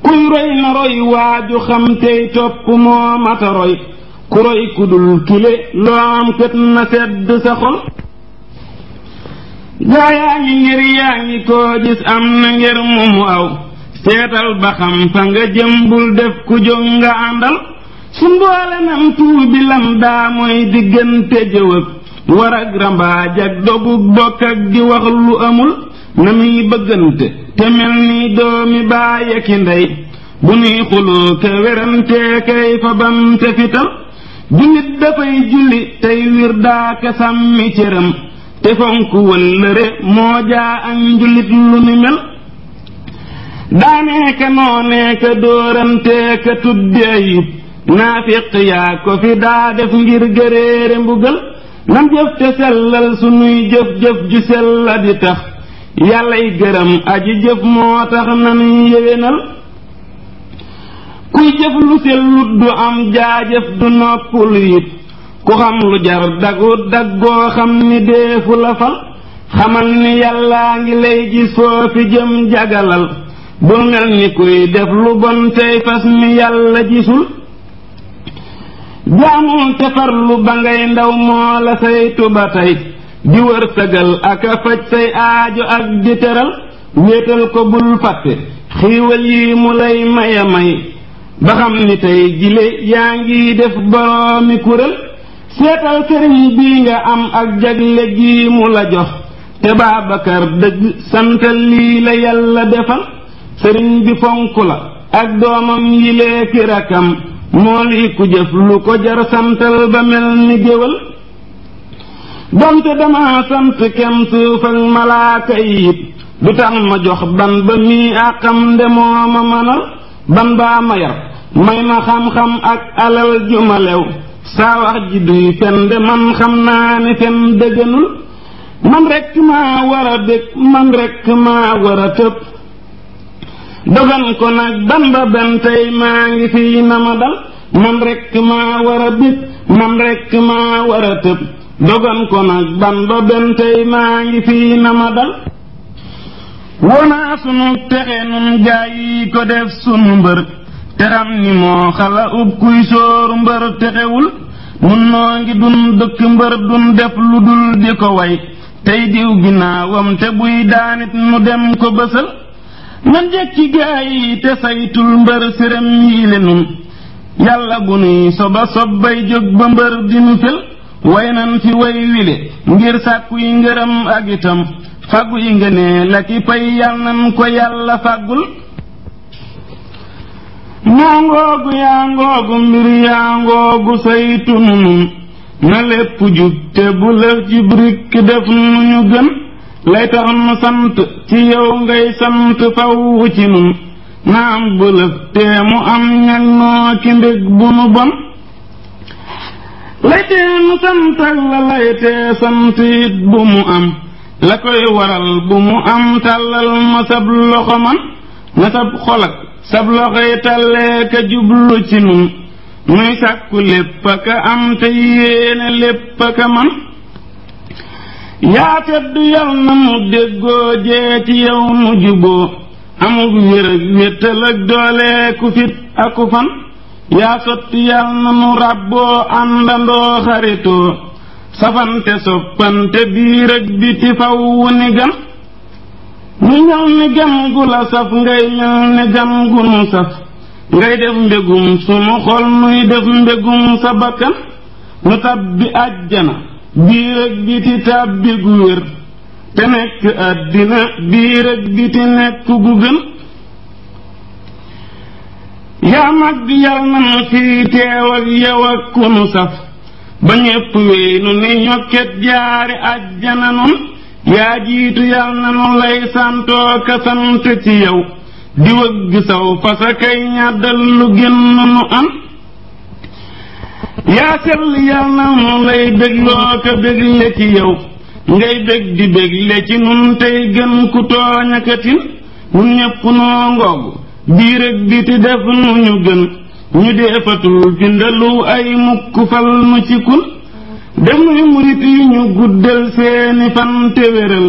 kuy roy na roy waaju xam tey topp moo mata roy ku roy ku dul loo am kët na sedd sa xol gaa ngir yaa ngi am na ngir mu aw seetal ba xam fa nga jëm bul def ku jóg nga àndal su mboole nam tuubi lam daa mooy diggante jëwëg war ak rambaaj ak dogug bokk ak di wax lu amul na muy bëggante te mel ni doomi baay ak ndey bu nuy xuloo te werantee kay fital bu dafay julli tey wir daaka sàmmi cëram te fonk wëllëre moo jaa ak njulit lu ni mel daanee ka noonee ka ayib naafiq yaa ko fi daa def ngir gëréere mbugal nan jëf te sellal sunuy jëf-jëf ju sella di tax yàllay gërëm aji jëf moo tax nanuy yéwénal kuy jëf lu sellut du am jaajëf du noppul it ku xam lu jar dagu daggoo xam ni deefu la fal xamal ni yàllaa ngi lay ji soo jëm jagalal bul mel ni kuy def lu bon tey fas ni yàlla gisul jaamu te ba ngay ndaw moo la saytu ba tey di wërsëgal ak a faj say aajo ak di teral wéetal ko bul fàtte xiiwal yi mu lay may a may ba xam ni tey jile yaa ngi def boroomi kurél seetal sëriñ bi nga am ak jagle gi mu la jox te Baabakar dëgg santal lii la yàlla defal sëriñ bi fonk la ak doomam yilee ki rakam mool i ku jëf lu ko jar santal ba mel ni géwal donte dama sant kem suuf ak malaaka yi du tax ma jox ban ba mii àqam ndemoo ma mënal ban baa ma yar may ma xam-xam ak alal ju ma lew saa wax ji duy fen man xam naa ni fen dëgganul man rekk maa war a man rekk maa war a dogan ko nag bamba ben tey maa ngi fii na ma dal man rekk maa war a bit man rekk maa war a tëb dogan ko nag bamba ben tey maa ngi fii na ma dal wonaa sunu texe nun gaay ko def sunu mbër teram ni moo texewul nun noo ngi dun dëkk mbër dun def lu dul di ko way tey diw ginnaawam te buy daanit nu dem ko bësal nan jekki gaay yi te saytul mbër sërëm yi lenum yàlla bu nuy soba sobbay jóg ba mbër dinu fel way fi way wile ngir sàkku yi ngërëm ak itam fàggu yi pay yal ko yàlla fàggul moo ngoogu yaa ngoogu mbir yaa ngoogu saytu nunum na lépp jub te bu lëf jibrik def nu ñu lay tax sant ci yow ngay sant faw ci nun na bëlëf tee mu am ñag noo ki ndég bu nu bon lay tee nu la lay sant it bu mu am la koy waral bu mu am tàllal ma sab loxo man na sab xol sab loxoy tàllee jublu ci nun nuy sàkku lépp aka am te yéene lépp aka man yaa tedd yal na mu déggoo ci yow nu juboo amug wér ak wéttal ak doole ku fit ak yaa sotti yal na nu ràbboo àndandoo xaritoo safante soppante biir ak biti faw wu ni gan nu ñëw ni gan gu saf ngay mel ni gan gu saf ngay def mbégum sunu xol nuy def mbégum sa bakkan nu tabbi àjjana biir ak biti tàbbi gu wér te nekk àddina biir ak biti nekk gu gën yaa mag di yal nan fii teew ak yow ak kunu saf ba ñépp wéynu ni ñokket jaari àjjana nun yaa jiitu yal nanu lay santoo ka ci yow di wëgg saw fasa kay ñàddal lu génn nu am yaa sell yal na nu lay bégloo ka bégle ci yow ngay bég di bégle ci nun tey gën ku tooñ akatin nun ñépp noo ngoog biir ak biti def nu ñu gën ñu deefatul bindalu ay mukk fal nu ci kun def nuy murit yu ñu guddal seeni fan wéral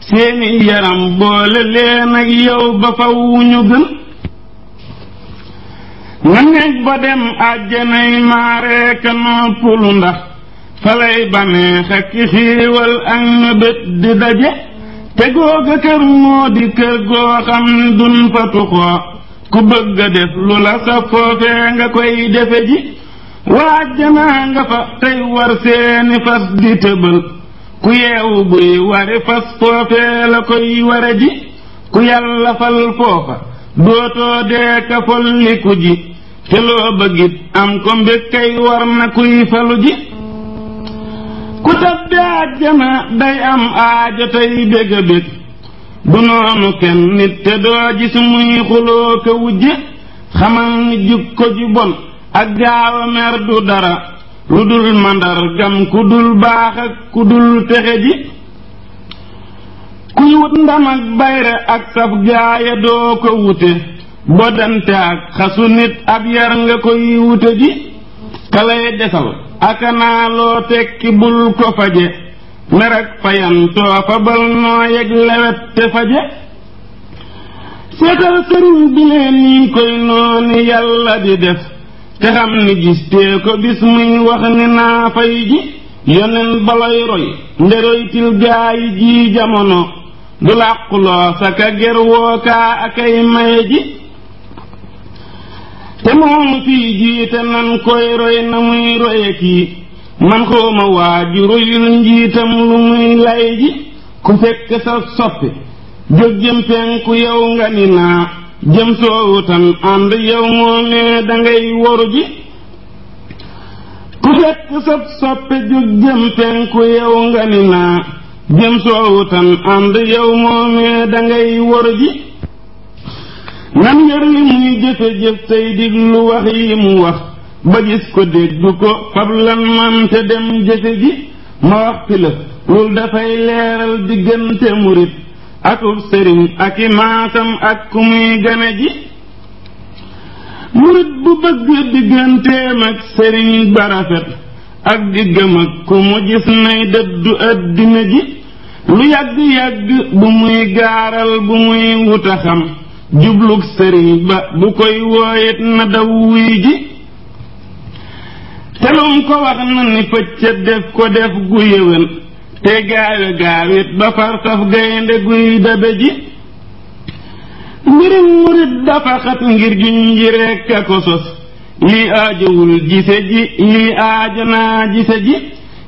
seeni yaram boole leen ak yow ba faw ñu gën nga nekk ba dem àjjanay maaree ka noppalu ndax fa lay baneex ak xiiwal ak mébét di daje te googa kër moo di kër goo xam ne fa tuxoo ku bëgg a def lu la sa foofee nga koy defe ji waajjanaa nga fa tey war seeni fas di tëbal ku yeewu buy wari fas foofee la koy ware ji ku yàlla fal foofa dootoo dee ka folliku ji te loo bëggit am ko mbég kay war na kuy falu ji ku tab de àjjana day am aajo tey bég a du noonu kenn nit te doo gis muy xuloo ka wujje xamal ni jukko ju bon ak gaaw a mer du dara lu dul mandar gam ku dul baax ak ku dul texe ji kuy wut ndam ak bayre ak saf gaaya doo ko wute bodante ak xasu nit ab yar nga koy wute ji kalay desal akanaa loo tekki bul ko faje mer ak fayantoo fa bal noo yeg lewet te faje seetal sëriñ bi leen koy noonu yàlla di def te xam ni gis tee ko bis muy wax ni naa fay ji yoneen balay roy nderoytil gaayi ji jamono du làquloo sa ka akay maye ji te moom fii jiite nan koy roy na muy roye kii man xawma waaju royul njiitam lu muy lay ji ku fekk sa soppi jóg jëm penku yow nga ni naa jëm soowu tam ànd yow moomee dangay woru ji ku fekk sa soppi jóg jëm penku yow nga ni naa jëm soowu tan ànd yow moomee dangay wor ji nan ngër yi muy jëfe-jëf tey diglu wax yi mu wax ba gis ko déggu ko xablan man te dem jëfe ji ma wax pilëf loolu dafay leeral diggante murit akub sëriñ ak i maatam ak ku muy gane ji murit bu bëgg digganteem ak sëriñ ba ak diggam ak ku mu gis nay dëddu àddina ji lu yàgg-yàgg bu muy gaaral bu muy wuta xam jublug sëriñ ba bu koy wooyit na daw wuy ji telum ko wax na ni pëcca def ko def gu yëwén te gaawe gaawit ba far taf gaynde guy dabe ji mbirim murit dafa xat ngir juñ ji rekk a ko sos lii aajowul gise ji lii aajanaa gise ji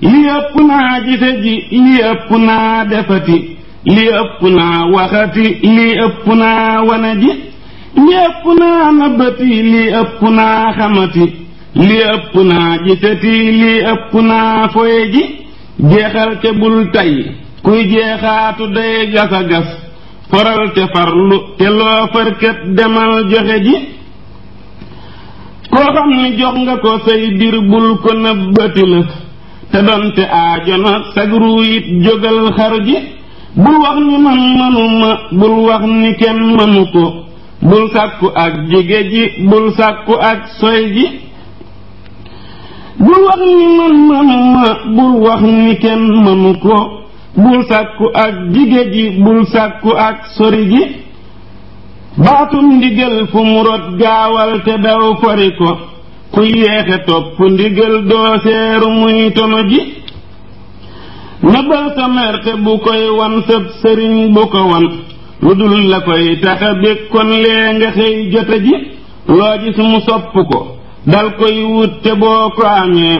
li ëpp naa gise ji li ëpp naa defati li ëpp naa waxati li ëpp naa wane ji li ëpp naa nëbbati li ëpp naa xamati li ëpp naa gisati li ëpp naa foye ji jeexal te bul tay kuy jeexaatu day gas a gas foral te farlu te loo fërkët demal joxe ji koo xam ni jox nga ko say dir bul ko nëbbati la te donte aajana sagru it jógal xar ji bul wax ni man bul wax ni kenn manu ko bul sàkku ak jige ji bul sàkku ak soy ji bul wax ni man bul wax ni kenn mënu ko bul sàkku ak jige ji bul sàkku ak sori ji baatum ndigal fu mu gaawal te daw fori ko ku yéexe topp ndigal doo seeru muy tono ji nëbbal sa merte bu koy wan sëriñ bu ko wan lu dul la koy taxa bég kon lee xëy jote ji loo gis mu sopp ko dal koy wut te boo ko amee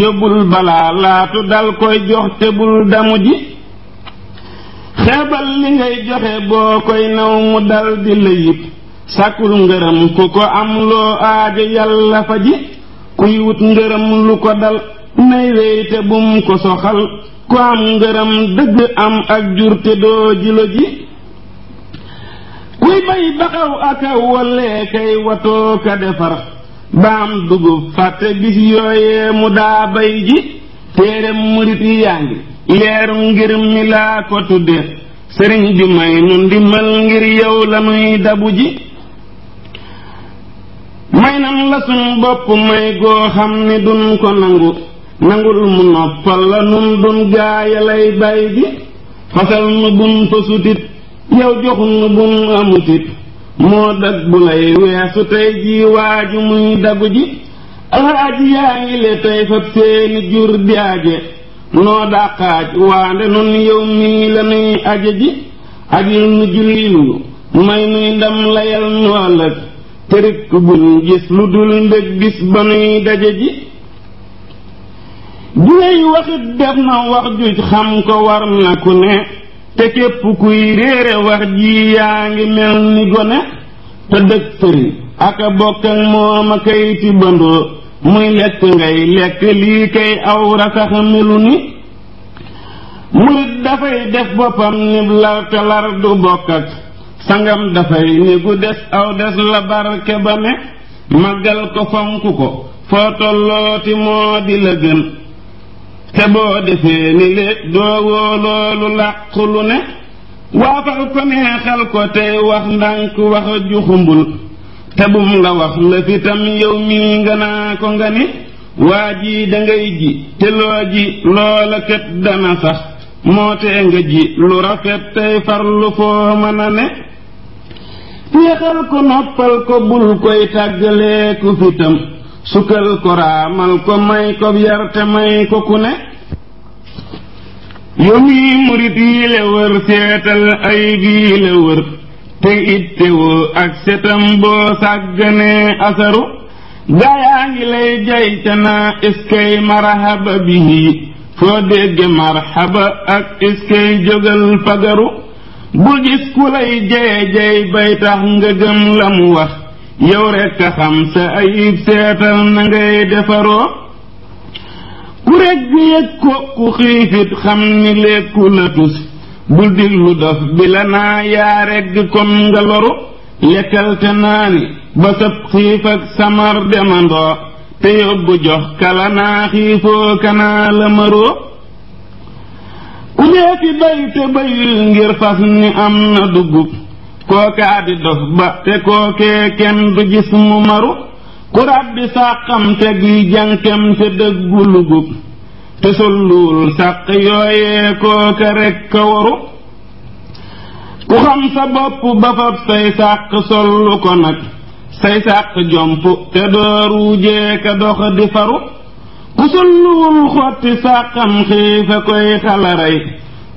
yóbbul balaa laatu dal koy jox te bul damu ji xeebal li ngay joxe boo koy naw mu dal la yit sàkkul ngërëm ku ko am loo aajo yàlla faji kuy wut ngërëm lu ko dal nay wéy te ko soxal ku am ngërëm dëgg am ak jur doo jilo ji kuy bay baxaw aka wallee kay watoo defar ba am dugub fàtte bis yooyee mu daa bay ji téereem murit yi yaa ngi leeru ngir mi laa ko tudde sëriñ bi may nu ndimbal ngir yow la dabu ji may nan la suñ bopp may goo xam ni duñ ko nangu nangul mu noppal la nun duñ gaaya lay bay bi fasal nu buñ fasutit yow jox nu buñ amutit moo dag bu lay weesu tey ji waaju muy dagu ji alxaaji yaa le tey fab seeni jur di aje noo dàqaaj waande nun yow mii la nuy ji ajil nu jullilu may nuy ndam layal nu ëllëg tërik buñ gis lu dul ndëg bis ba nuy daje ji juwey waxit def na wax juj xam ko war na ku ne te képp kuy réere wax ji yaa ngi mel ni gone te dëg tëri aka bokk ak moom a kay ti bandoo muy lekk ngay lekk lii kay aw rasax melu ni murit dafay def boppam nib lar te lar du bokk sangam dafay ni gu des aw des la barke ba ne màggal ko fonk ko foo tollooti moo di la gën te boo defee ni léeg doowoo loolu làqu ne waafal ko neexal ko tey wax ndànk wax xumbul te bum la wax la yow mii nga ko nga ni waa jii dangay ji te loo ji loola kat dana sax moo tee nga ji lu rafet tey farlu foo mën a ne féexal ko noppal ko bul koy tàggalee ku fitam sukkal ko raamal ko may ko yar may ko ku ne yoon murit yi la wër seetal ayib yi la wër te ittewoo ak setam boo sàgganee asaru gaayaa ngi lay jayte marhaba bihi foo dégge marhaba ak iskay jógal fagaru bul gis ku lay jeye jey bay tax nga gëm la wax yow rekk a xam sa ayib seetal na ngay defaroo ku rekk yëg ko ku xiifit xam ni lekku la tus bul diglu dof bi la naa yaa regg kom nga loru lekkal te naani ba sab xiif ak samar demandoo te yóbbu jox kala naa xiifoo kanaa la maroo ku neeti bay te bayul ngir fas ni am na dugub kookaa di dof ba te kookee kenn du gis mu maru ku ràbbi sàqam te gi te dëggu lugub te solluul sàq yooyee kooka rekk a waru ku xam sa bopp ba fab say sàq sollu ko nag say sàq jomp te doo ruujee ka dox di faru kusulluwul xotti sàqam xiifa koy xalaray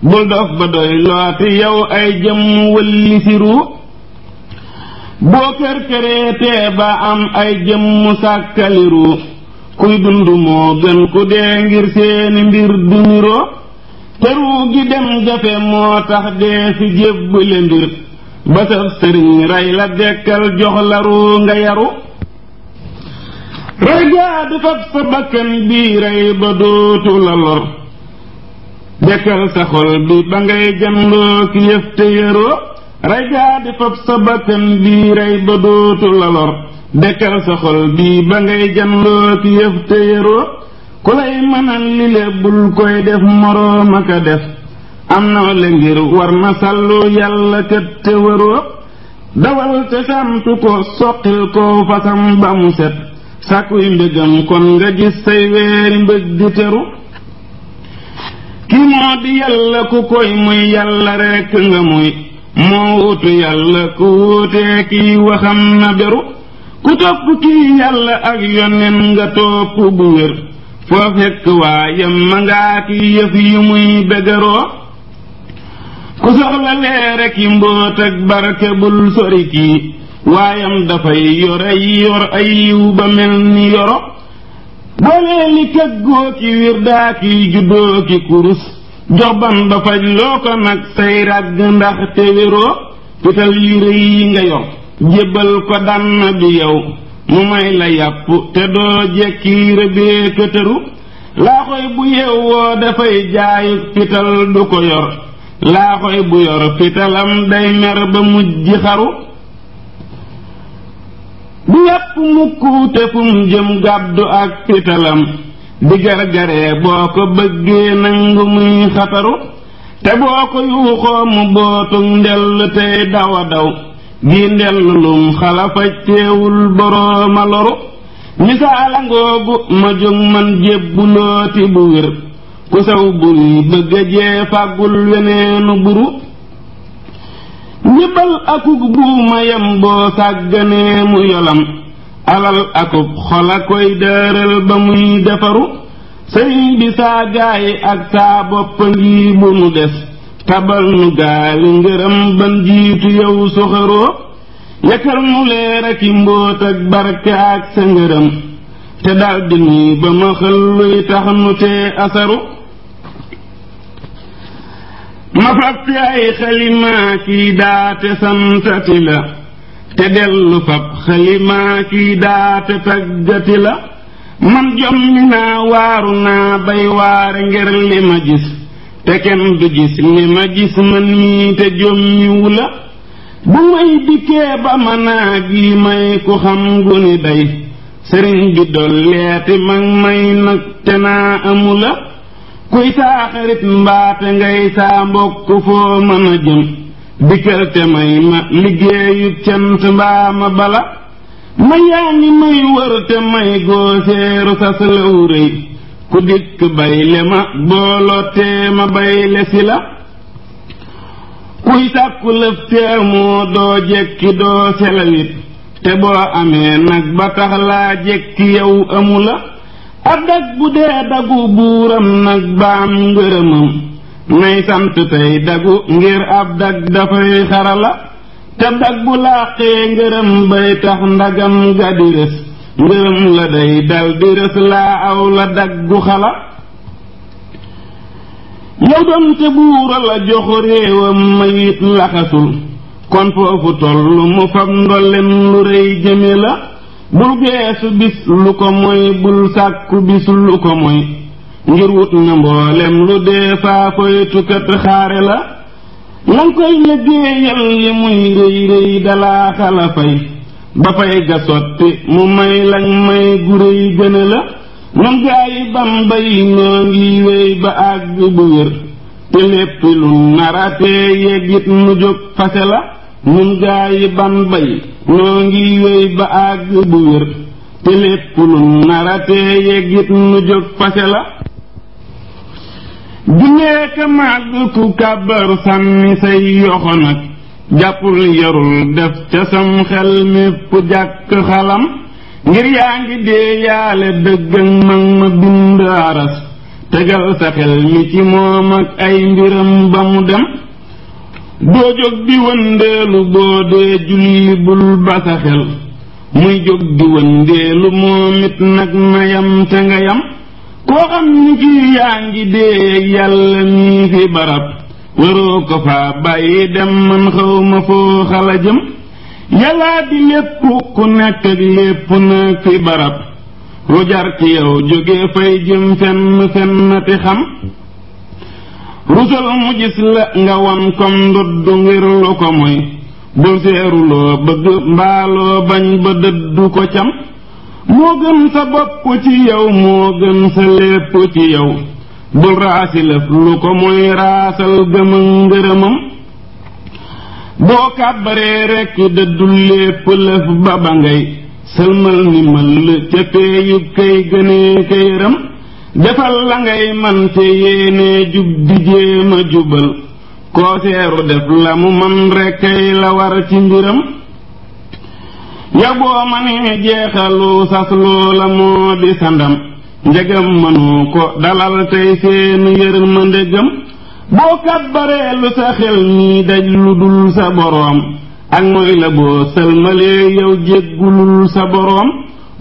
bul dof ba doy looti yow ay jëmm wëlli boo kër-këreetee ba am ay jëmm sàkkaliru kuy dund moo gën ku dee ngir seeni mbir du niro tëru gi dem jafe moo tax dee fi jébbale mbir ba sëriñ rey la dekkal jox laru nga yaru rajaa du fab sa bakkan bii rey ba dootu la lor dekkal sa xol bi ba ngay jandoo ki yëf te yëroo rajaa di fab sa bakkan bii rey ba dootu la lor dekkal sa xol bi ba ngay jandoo ki yëf te yëroo ku lay mënal li le koy def moroom a ka def am na la ngir war na sàllu yàlla kat te wëroo dawal te sàmtu ko soqil ko fasam ba mu set sàkkuy mbëggam kon nga gis say weeri mbëgg di teru ki moo di yàlla ku koy muy yàlla rekk nga muy moo wutu yàlla ku wuutee kiy waxam na beru ku topp kii yàlla ak yonen nga topp bu wér foo fekk waayam ma ngaa ki yëf yi muy bégaroo ku soxla leer ak mbóot ak barke bul waayam dafay yor ay yor ay yiw ba mel ni yoro boole li ki wirdaa ki juddoo ki kurus jox ban ba faj loo ko nag say ràgg ndax te wéroo fital yu rëy nga yor jébbal ko dànn bi yow mu may la yàpp te doo jekki rëbee këtëru laa bu yewwoo dafay jaayu fital du ko yor laa bu yor fitalam day mer ba mujj xaru du yàpp mukk te fu jëm gàddu ak pitalam di gargaree boo ko bëggee nangu muy xataru te boo ko yuuxoo mu bootug ndell tey dawa daw gi ndell lum xalafa teewul loru misaala ngoogu ma jóg man jébbulóoti bu wér ku saw buri bëgg jee fàggul weneenu buru njëbal akuk buuma yem boo yolam alal akub xola koy dëral ba muy defaru sëy bi saa gaay ak saa boppa ngi bu mu des tabal nu gaali ngërëm ban jiitu yow soxaroo yakal nu leer ak mbóot ak barke ak sa ngërëm te daldi nii ba ma xëlluy tax nu tee asaru ma fab ci ay xalimaa kii daate samsati la te dellu fab xalimaa kii daate taggati la man jommi naa waaru naa bay waare ngir li ma gis te kenn du gis li ma gis man mii te jommiwu la bu may dikkee ba ma naa gii may ku xam gu day sëriñ bi dolleeti mag may nag te naa amu la kuy saa xarit mbaate ngay saa mbokk foo mën a jëm dikkal te may ma liggéeyu cant mbaa ma bala ma yaa ngi may wër te may gooseeru sas law rëy ku dikk bayle ma boolotee ma bayle si la kuy sàkku lëf teemoo doo jekki doo selawit te boo amee nag ba tax laa jekki yow amu la ab dag bu dee dagu buuram nag ba am ngërëmam nay sant tey dagu ngir ab dag dafay xarala te dag bu làqee ngërëm bay tax ndagam ga di ngërëm la day dal di laa aw la daggu xala yow donte buura la jox réewam ma laxasul kon foofu toll mu fab ndolem lu rëy jëme la bul geesu bis lu ko moy bul sàkku bis lu ko moy ngir wut na mboolem lu dee faafoy tukkat xaare la lan koy liggéeyal yi muy réy réy dalaa xala fay ba fay ga sotti mu may lañ may gu réy gëne la nan gaa yi bamba yi noo ngi wéy ba àgg bu wér te lépp lu nara te yeggit mu jóg fase la nun gaa yi bamba yi noo ngi wéy ba àgg bu wér te lépp lu naratee yeggit nu jóg fase la julleeka màgg ku kàbbaru sànni say yoxo nag jàppul yarul def ca sam xel mépp jàkk xalam ngir yaa ngi dee yaale dëggan mag ma bind aras tegal sa xel mi ci moom ak ay mbiram ba mu dem doo jóg di wëndeelu boo dee julli bul ba sa xel muy jóg di wëndeelu moom it nag na yam te nga yam koo xam ni kii yaa ngi dee yàlla mii fi barab waroo ko faa bàyyi dem man xaw ma foo xala jëm yàllaa di lépp ku nekk ak lépp nag fi barab lu ci yow jóge fay jëm fenn fenn te xam rusal mu gis la nga won kom ndodd ngir lu ko moy bul seeruloo bëgg mbaaloo bañ ba dëddu ko cam moo gën sa bopp ci yow moo gën sa lépp ci yow bul raasi lëf lu ko moy raasal gëma ngërëmam boo kàbbaree rekk dëddu lépp lëf ba ba ngay sëlmal ni mëll ca peeyub kay gënee kay defal la ngay man te yéene jub di jéem a jubal koo seeru def la mu man rekkay la war ci mbiram yaboo ma ne jeexalu sas loola moo di sandam njegam mënu ko dalal tey seen yërmande gëm boo kàbbaree lu sa xel nii daj lu dul sa boroom ak mooy la boo sëlmalee yow jéggulul sa boroom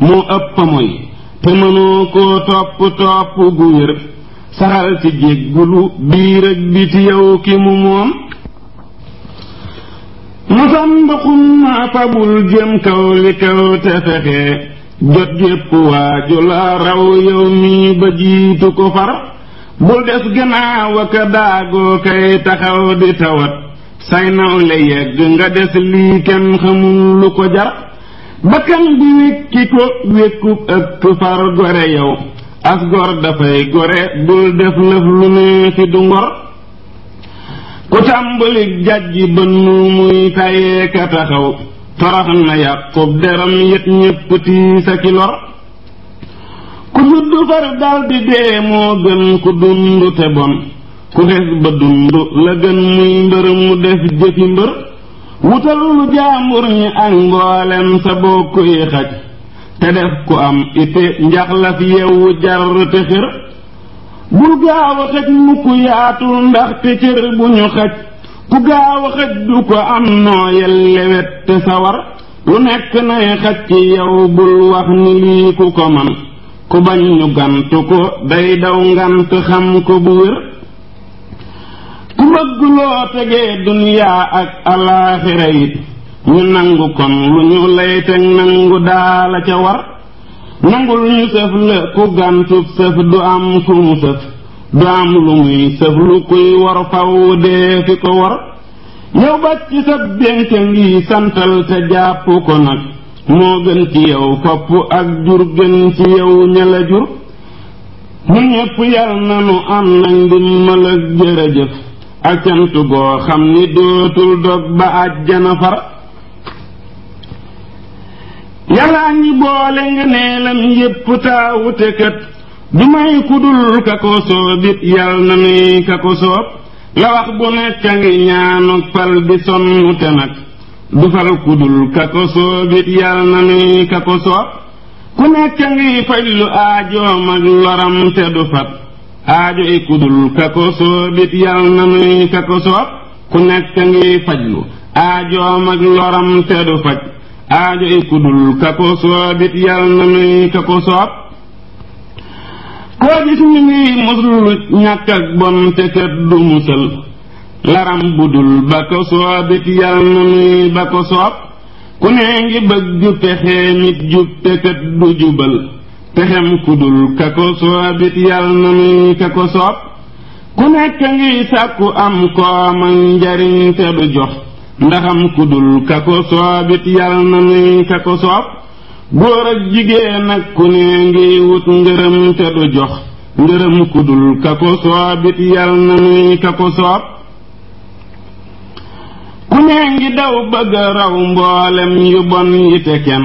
moo ëpp moy te mënoo koo topp topp gu wér saxal ci jéggulu biir ak biti yow ki mu moom musanduxum ma fabul jëm kaw li kaw te fexe jot yépp waaju la raw yow mi ba jiitu ko far bul des gannaaw ak daagoo kay taxaw di tawat say nawle yegg nga des lii kenn xamul lu ko jar bakkan bi wékki ko wékku ëpp far gore yow as dafay gore bul def lëf lu ne fi du ngor ku tàmbali jàjji ba nu muy tayeeka taxaw torox na yàqub deram yët ñépp tiis a ki lor ku juddu far daldi dee moo gën ku dund te bon ku xes ba dund la gën muy mbër mu def jëfi mbër wutal lu jaambur ñi ak mboolem sa bokk yi xaj te def ku am njaxlaf yewu jar te xër bul gaaw a xaj mukk yaatul ndax te cër bu ñu xaj ku gaaw a du ko am nooyal lewet te sawar lu nekk nay xaj ci yow wax ni lii ku ko man ku bañ ñu gantu ko day daw ngant xam ko bu wér ku bëgg loo tegee ak alaaxira it ñu nangu kon lu ñu lay teg nangu daala ca war nangul ñu sëf la ku gàntub sëf du am fu sëf du am lu muy sëf lu kuy war faw dee fi ko war yow bàcc ci sab dénk ngi santal te jàpp ko nag moo gën ci yow fopp ak jur gën ci yow ña jur mu ñépp yal nanu am nañ dimmal ak jërëjëf ak cant goo ba àjjana far yàllaa ngi boole nga yépp taawute kat du may kudul ka ko soobit yal na nuy ka ko soob la wax bu nekk a ngi ñaanuk fal bi sonn nag du fal kudul ka ko soobit yal na nuy ka ko soob ku nekk a ngi faj lu aajoom ak loram du fat aajo i kudul ka ko soobit yal na nuy ka ko soob ku nekk ngi fajlu aajoom ak loram te du faj aajo i kudul ka ko soobit yal na nuy ka ko soob koo gis ñu ngi muslu ñàkk ak bon te kat du musal laram budul ba ko soobit yal na nuy ba ko soob ku ne ngi bëgg pexe nit jub te du jubal pexem ku dul ka ko soobit yàlla na muy ka ko soob ku nekk ngiy sàkku am kooman njariñ te du jox ndaxam ku ka ko soobit yàlla na muy ka ko soob ku ne ngi daw bëgg raw mboolem yu bon yi kenn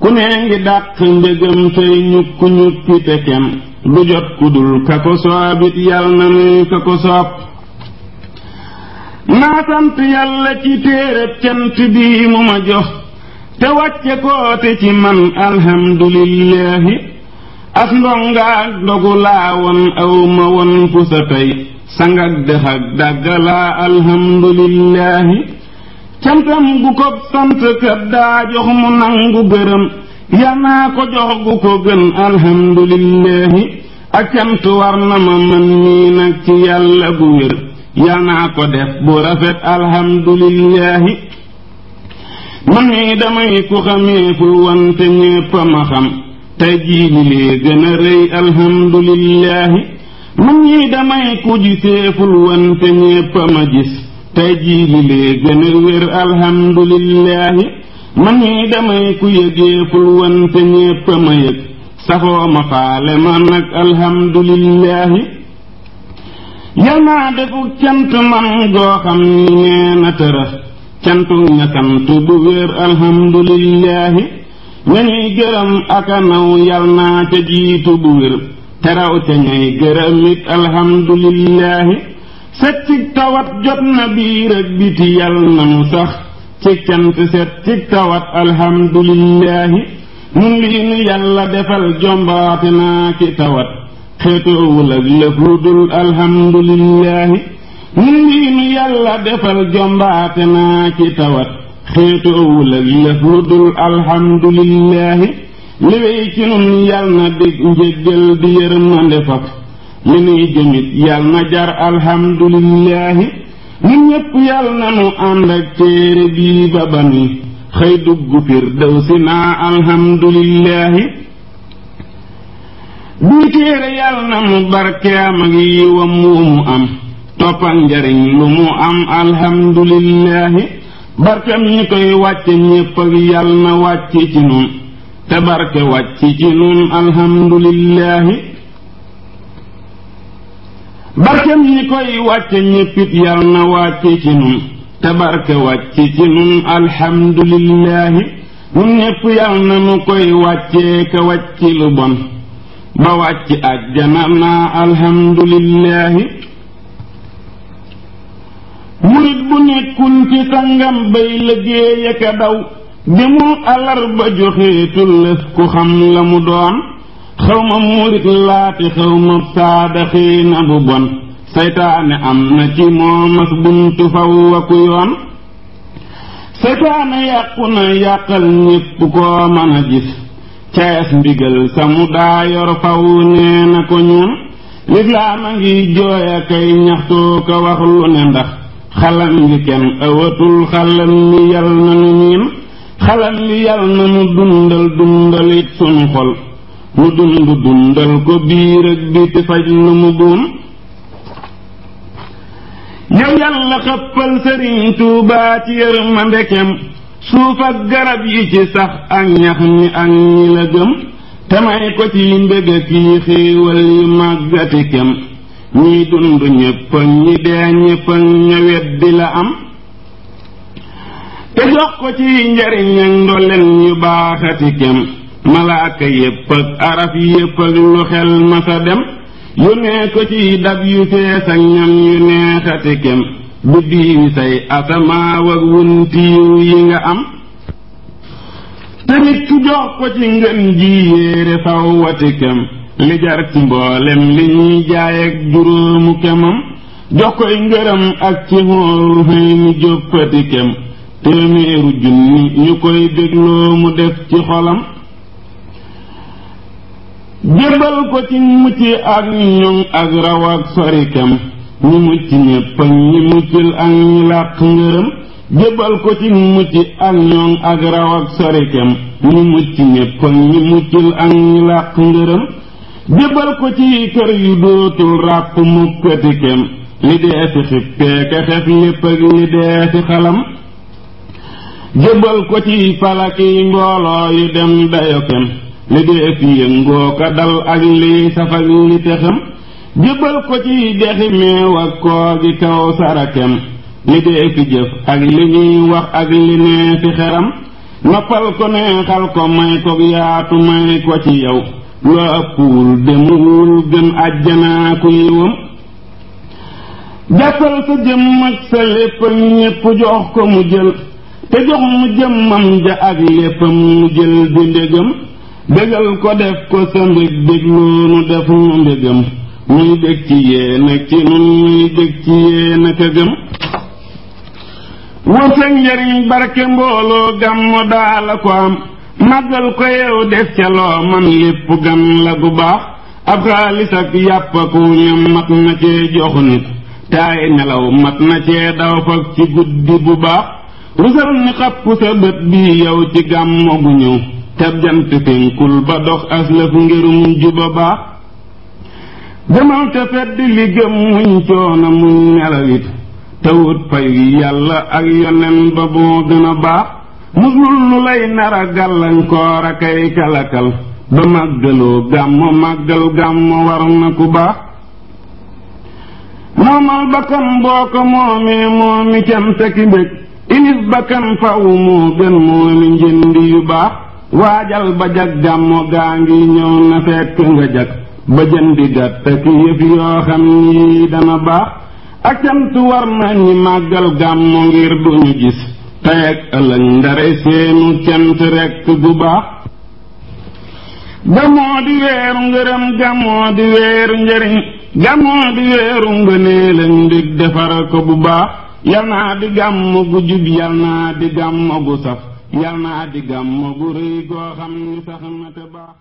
ku ne ngi dàq mbégam tey ñukku ñukki te kem du jot ku dul ka ko soobit yàlla na nuy ka ko soob naa sant ci téereb cant bii ma jox te wàcce koote ci man alhamdulillahi as ndongaak dogu laa aw ma won fu sa tey sangak dëx dàggalaa alhamdulillahi cantam gu ko sant kat daa jox mu nangu gërëm yal ko jox gu ko gën alhamdulillahi ak cant war na ma man nii nag ci yàlla gu wér yal ko def bu rafet alhamdulillahi man mii damay ku xamee fu wante ñépp a xam tey gën a rëy alhamdulillahi man mii damay ku gisee ful wante ñépp a ma gis tey jii li lee gën a wér alhamdulillahi man damay ku yëg yéeful wante ñépp ma yëg safoo ma faale ma nag alhamdulillahi yal naa defu cant man goo xam ni nee na tërëx cantu ña sant bu wér alhamdulillahi ñañuy gërëm ak a naw yal naa ca jiitu bu wér teraw ca ñay gërëm it set cig tawat jot na biir ak biti yal na sax cig cant set cig tawat alhamdulillaahi nun lii nu yàlla defal jombaate naa ki tawat xeetoowul ak lëf lu alhamdulillaahi nun lii nu yàlla defal jombaate naa ki tawat xeetoowul ak lëf alhamdulillaahi liwéy ci nun yal na dégg njéggal di yërmande faf li nuy jëmit yal na jar alhamdulillahi ñun ñépp yal na nu ànd ak téere bii ba ba ni xëy dugg fir dëw si naa alhamdulillahi bii téere yal na mu barkeem ak yiwam wu mu am toppal njariñ lu mu am alhamdulillahi barkem ñi koy wàcce ñépp yal na wàcc ci nun te barke wàcc ci nun alhamdulillahi barkem yi koy wàcce ñéppit yal na wàcce ci nun te barke wàcc ci nun alhamdulillahi nun ñépp yal na nu koy wàccee ka wàcc lu bon ba wàcc àjjana naa alhamdulillahi murit bu nekkun ci sangam bay liggéey ka daw bi mu alar ba joxeetul lës ku xam la mu doon xaw ma muurit laati xaw ma saadaxiina bu bon seytaane am na ci moomas buntu faw wa ku yoon seytaane yàqu na yàqal ñépp koo mën a gis caes ndigal sa mu daa yor faw nee na ko ñun lislaam a ngi jooy a ñaxtoo ko wax lu ne ndax xalam ngi kenn ëwatul xalam mi yal na nu miin xalam mi yal na nu dundal dundalit sunu xol mu dund dundal ko biir ak biti faj lu mu buum yow yàlla xëppal sëriñ tuubaa ci yërmande kem suuf ak garab yi ci sax ak ñax mi ak ñi la gëm te may ko ci mbég ak xéewal yi màggati kem ñiy dund ñépp ak dee ñépp ak weddi la am te jox ko ci njariñ ak ndoleen ñu baaxati kem malaaka yépp ak araf yépp ak lu xel masa dem yu nee ko ci dab yu fees ak ñam yu neexati kem bu diiw say asamaaw ak wuntiiw yi nga am tamit ku jox ko ci ngën ji yéere faw kem li jar ci mboolem li ñuy jaay ak juróomu kemam jox koy ngërëm ak ci xooru xëy ni jóppati kem téeméeru junni ñu koy dégloo mu def ci xolam jébbal ko ci mucc ak ñoŋ ak raw ak sorikam ñi mucc ñépp ñi muccul ak ñi làq ngërëm jébbal ko ci mucc ak ñoŋ ak raw ak sorikam ñi mucc ñépp ñi muccul ak ñi làq ngërëm jébbal ko ci kër yu dootul ràpp mukkati kem li dee ci xippee ka xef lépp ak li dee ci xalam jébbal ko ci falaki mbooloo yu dem dayo li def yëngoo ko dal ak lii safak li texam ko ci dexi meew ak kaw sarakem li dee fi jëf ak li ñuy wax ak li nee xeram noppal ko neexal ko may ko yaatu may ko ci yow loo demuwul gën àjjanaa yiwam jàppal sa jëmm ak sa lépp ñépp jox ko mu jël te jox mu jëmmam ja ak léppam mu jël di ndégam bégal ko def ko sa mbég bég loonu def mu mbégam muy bég ci yéen ak ci nun muy bég ci yéen ak a gëm wërsëg njariñ barke mbooloo gàmmu daa la ko am màggal ko yow def ca loo man lépp gan la gu baax ab xaalis ak yàpp ñam mat na cee jox nit taay nelaw mat na cee daw ci guddi bu baax rusal ni xapp sa bët bi yow ci gàmmu gu ñëw tab jant finkul ba dox aslaf ngirum juba baax demal te fedd li gëm muñ coona muñ nelawit tawut payu yàlla ak yonen ba boo gën a baax muslul lu lay nara gàllankoor a kay kalakal ba màggaloo gàmm màggal gàmm war na ku baax moomal bakkan boo ko moomee moomi cam sa ki mbég bakkan faw moo gën moomi njëndi yu baax waajal ba jag gàmmu gaa ngi ñëw na fekk nga jag ba jën di gàtt ak yëf yoo xam ni dana baax ak cant war na màggal gàmmu ngir duñu gis tey ak ëllëg ndare seenu cant rekk gu baax gàmmoo di weeru ngërëm gàmmoo di weeru njëriñ gàmmoo di weeru ngënee lañ dig defara ko bu baax yal naa di gàmm gu jub yal naa di gàmm gu saf yal na àddi gàmm gu rëy goo xam ni sax na te baax